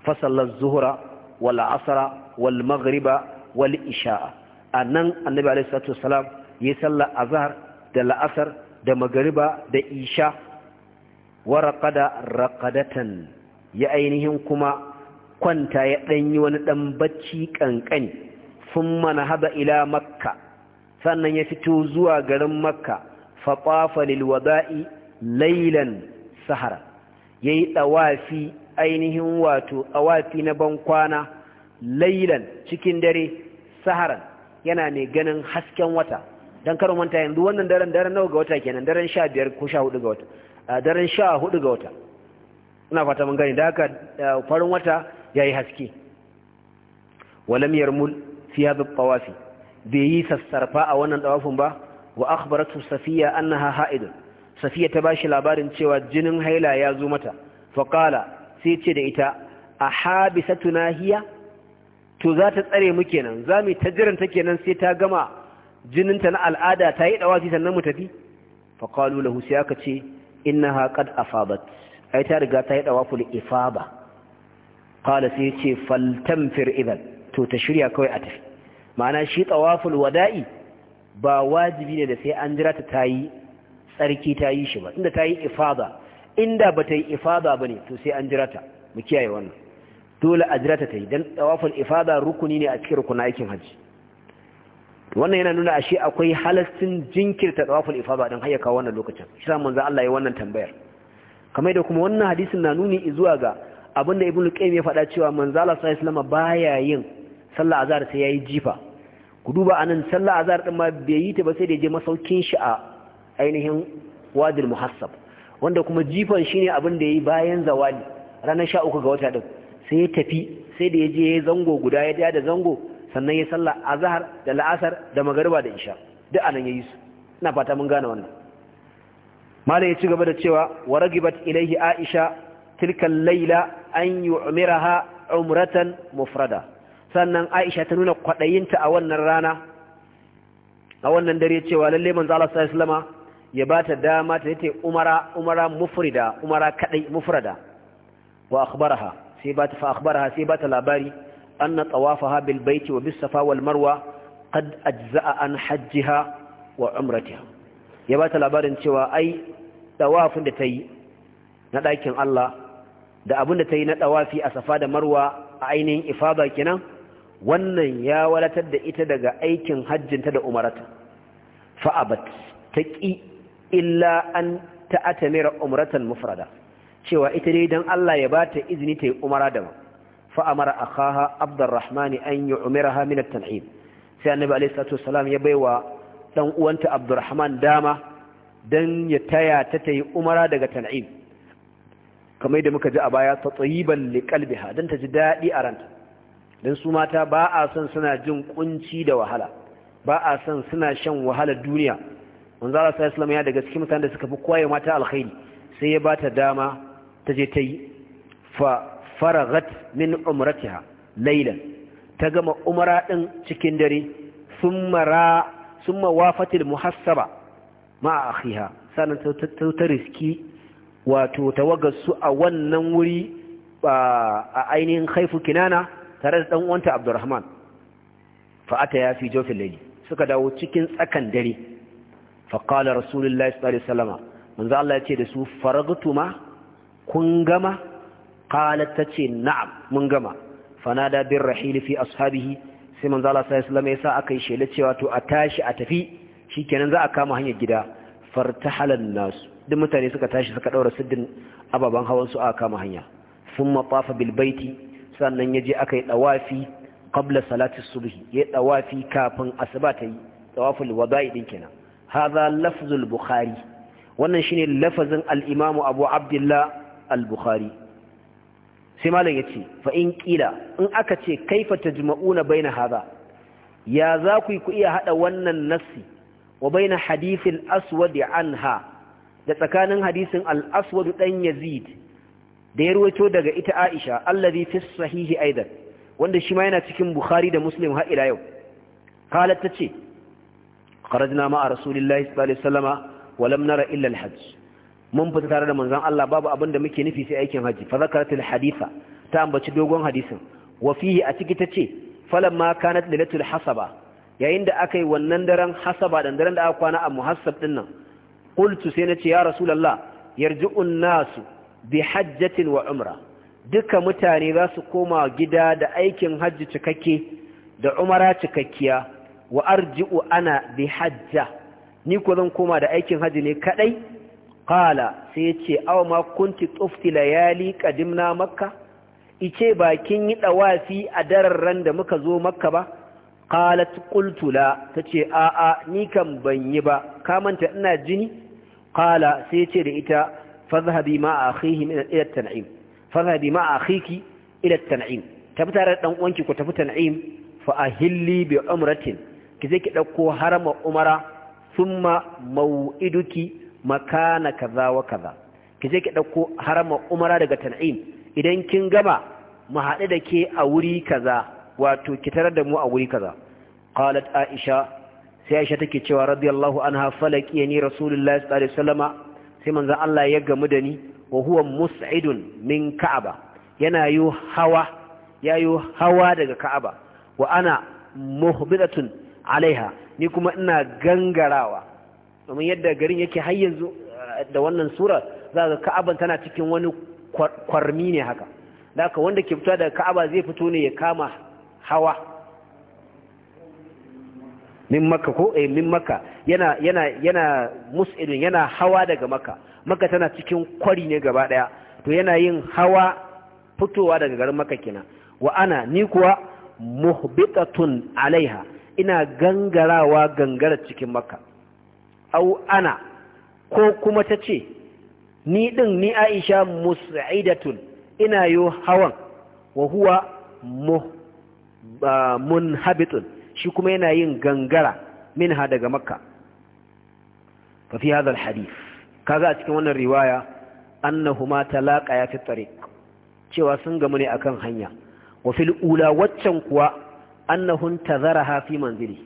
fa sallar zuhra wal asra wal maghriba wal isha'a a nan annabi alaihi salatu wassalam ya yi sallar azhar da la'asar da magariba da isha wa raqada raqadatan ya ainihin kuma kwanta ya ɗanyi wani ɗan bacci ƙanƙani sun mana haɗa ila makka sannan ya fito zuwa garin makka faɓafa wada'i lailan sahara ya yi ɗawafi ainihin wato ɗawafi na bankwana lailan cikin dare saharan yana mai ganin hasken wata don karin manta yanzu wannan daren daren nawa ga wata kenan daren sha biyar ko sha hudu ga wata daren sha hudu ga wata ina fata mun gani da haka farin wata ya yi haske walam yarmul fi hadha tawafi bai yi sassarfa a wannan tawafin ba wa akhbaratu safiya annaha ha'id safiya ta bashi labarin cewa jinin haila ya zo mata fa sai ce da ita a Habisa hiya to za ta tsare mu kenan za mu ta jiran ta kenan sai ta gama jininta na al'ada ta yi dawafi sannan mu tafi fa qalu lahu sai aka ce innaha qad afabat ai ta riga ta yi dawaful ifaba qala sai ce faltan idan to ta shirya kawai a tafi ma'ana shi tawaful wada'i ba wajibi ne da sai an jira ta yi tsarki ta yi shi ba inda ta yi ifaba, inda ba ta yi ifaba ba ne to sai an jira ta mu kiyaye wannan dole a jira ta ta yi tawaful ifada rukuni ne a cikin rukunin aikin hajji wannan yana nuna ashe akwai halastin jinkirta tawaful ifada dan haya kawo wannan lokacin shi sa manzo Allah ya wannan tambayar kamar da kuma wannan hadisin na nuni zuwa ga abinda ibnu qayyim ya faɗa cewa manzo Allah sallallahu alaihi wasallam baya yin sallah azhar sai yayi jifa ku duba anan sallah azhar din ma bai yi ta ba sai da je masaukin shi a ainihin wadil muhassab wanda kuma jifan shine abinda da yayi bayan zawali ranar 13 ga wata sai ya tafi sai da ya je ya zango guda ya da zango sannan ya sallah azhar da la'asar da magariba da isha duk anan yayi su ina fata mun gane wannan malai ya ci gaba da cewa wa ragibat ilaihi aisha tilka laila an yu'miraha umratan mufrada sannan aisha ta nuna kwadayinta a wannan rana a wannan dare cewa lalle manzo Allah sallallahu alaihi wasallama ya bata dama ta yace umara umara mufrida umara kadai mufrada wa akhbaraha sai ba ta fa sai ba ta labari anna tawafaha bil baiti wa bisafa safa wal marwa qad ajza'a an hajjiha wa umratiha ya ba ta labarin cewa ai tawafin da ta yi na ɗakin Allah da abin da ta yi na ɗawafi a safa da marwa a ainihin ifada kenan wannan ya walatar da ita daga aikin hajjinta da umarata fa'abat ta ƙi illa an ta'atamira umratan mufrada cewa ita dai dan Allah ya bata izini ta yi umara da fa amara akhaha abdurrahman an yu'miraha min at-tan'im sai annabi alayhi salatu wasalam ya baiwa dan uwanta abdurrahman dama dan ya taya ta ta yi umara daga tan'im kamar da muka ji a baya ta tsayiban liqalbiha dan ta ji daɗi a ranta dan su mata ba a son suna jin kunci da wahala ba a son suna shan wahalar duniya manzo Allah sallallahu ya daga cikin mutanen da suka fi koyi mata alkhairi sai ya bata dama ta je ta yi fa faragat min umratiha laylan ta gama umara din cikin dare thumma wafatil muhassaba ma akhiha sanan ta ta riski wato tawagasu a wannan wuri a ainihin khaifu kinana tare da dan uwanta abdurrahman fa ya fi jofin layli suka dawo cikin tsakan dare fa qala rasulullahi sallallahu alaihi wasallam manzo Allah ya ce da su faragtuma kun gama qalat tace na'am mun gama fanada bir rahil fi ashabihi sai manzo Allah sallallahu alaihi wasallam ya sa aka yi cewa to a tashi a tafi shikenan za a kama hanyar gida fartahalan nas duk mutane suka tashi suka daura siddin ababan hawan su a kama hanya thumma tafa bil baiti sannan yaje je akayi dawafi qabla salati subhi ya dawafi kafin asuba tayi yi dawaful wada'i din kenan hadha lafzul bukhari wannan shine lafazin al-imamu abu abdullah al-bukhari sai malam yace fa in qila in aka ce kaifa tajma'una baina hadha ya za ku ku iya hada wannan nassi wa baina hadithil aswad anha da tsakanin hadisin al-aswad dan yazid da ya ruwaito daga ita aisha allazi fi sahihi aidan wanda shi ma yana cikin bukhari da muslim har ila yau qalat tace kharajna ma'a rasulillahi sallallahu alaihi wasallama wa lam nara illa al-hajj mun fita tare da manzon Allah babu abin da muke nufi sai aikin haji fa zakaratul haditha ta ambaci dogon hadisin wa fihi a ciki tace falamma kanat lailatul hasaba yayin da akai wannan daren hasaba dan daren da aka kwana a muhassab din nan qultu sai nace ya rasulullah yarji'un nasu bi hajjatin wa umra duka mutane za su koma gida da aikin hajji cikakke da umara cikakkiya wa arji'u ana bi hajja ni ko zan koma da aikin hajji ne kadai Ƙala sai ce awa ma kunti tsofti layali na makka ice ba kin yi ɗawafi a dararran da muka zo makka ba Ƙala ta la tace a a ni kan ban yi ba kamanta ina jini Ƙala sai ce da ita fazhabi ma akhihi min ila tan'im fazhabi ma a akhiki ila tan'im tafi tare da dan uwanki ku tafi tan'im fa ahilli bi umratin ki zai ki dauko harama umara thumma mau'iduki makana kaza wa kaza ki je ki dauko harama umara daga tan'im idan kin gama mu haɗu da ke a wuri kaza wato ki tarar da mu a wuri kaza qalat aisha sai aisha take cewa radiyallahu anha falaki ni rasulullahi sallallahu alaihi wasallama sai manzo Allah ya gamu da ni wa huwa mus'idun min ka'aba yana yu hawa yayo hawa daga ka'aba wa ana muhbidatun alaiha ni kuma ina gangarawa domin yadda garin yake har yanzu eh, da wannan sura za ga ka'aban tana cikin wani kwarmi ne haka da wanda ke fita daga ka'aba zai fito ne ya kama hawa min makka ko eh min makka yana yana yana yana hawa daga makka makka tana cikin kwari ne gaba daya to yana yin hawa fitowa daga garin makka kenan wa ana ni kuwa muhbitatun alaiha ina gangarawa gangara cikin makka au ana ko kuma ta ce ni ɗin ni aisha musaidatun ina yo hawan wa huwa munhabitun shi kuma yana yin gangara ha daga makka fa fi hadha hadith kaga a cikin wannan riwaya annahuma ya fi tariq cewa sun gamu ne akan hanya wa fil ula waccan kuwa annahun tazaraha fi manzili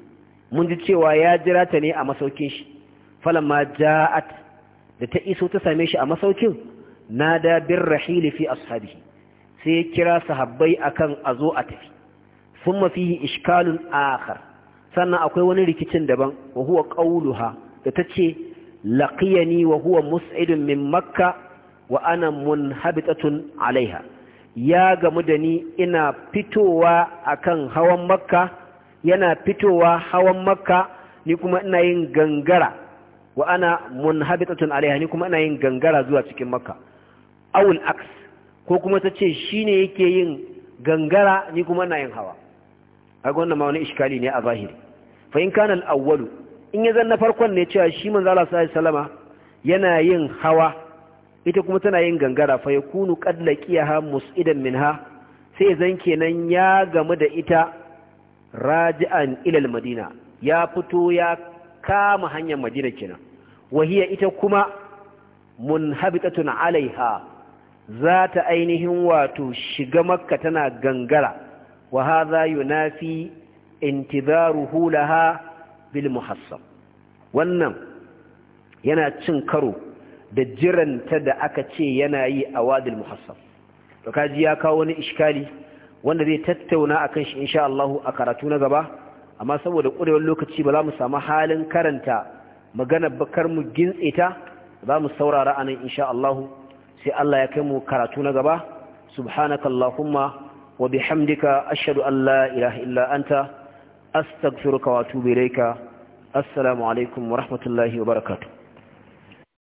mun ji cewa ya jira ta ne a masaukin shi falamma ja'at da ta iso ta same shi a masaukin nada bir rahil fi ashabihi sai kira sahabbai akan azo a tafi thumma fihi ishkalun akhar sannan akwai wani rikicin daban wa huwa qauluha da tace laqiyani wa huwa mus'idun min makka wa ana munhabitatun alaiha ya gamu da ni ina fitowa akan hawan makka yana fitowa hawan makka ni kuma ina yin gangara wa ana munhabitatun alaiha ni kuma ina yin gangara zuwa cikin makka awul aks ko kuma ta ce shine yake yin gangara ni kuma ina yin hawa kaga wannan ma wani iskali ne a zahiri fa in kana al in ya zanna farkon ne cewa shi manzo Allah sallallahu alaihi wasallama yana yin hawa ita kuma tana yin gangara fa yakunu qad laqiyaha mus'idan minha sai zan kenan ya gamu da ita raji'an ila madina ya fito ya kama hanyar madina kenan wahiya ita kuma munhabitatun alaiha za ta ainihin wato shiga makka tana gangara wa hadha yunafi intizaruhu laha bil muhassab wannan yana cin karo da jiranta da aka ce yana yi a wadil muhassab to kaji ya kawo wani iskali wanda zai tattauna akan shi insha Allah a karatu na gaba amma saboda ƙurewar lokaci ba za mu samu halin karanta magana bakar mu gintse ta za mu saurara a nan insha Allah sai Allah ya kai mu karatu na gaba subhanakallahumma allahumma wa bihamdika ashhadu an la ilaha illa anta astaghfiruka wa atubu ilayka assalamu alaikum wa rahmatullahi wa barakatuh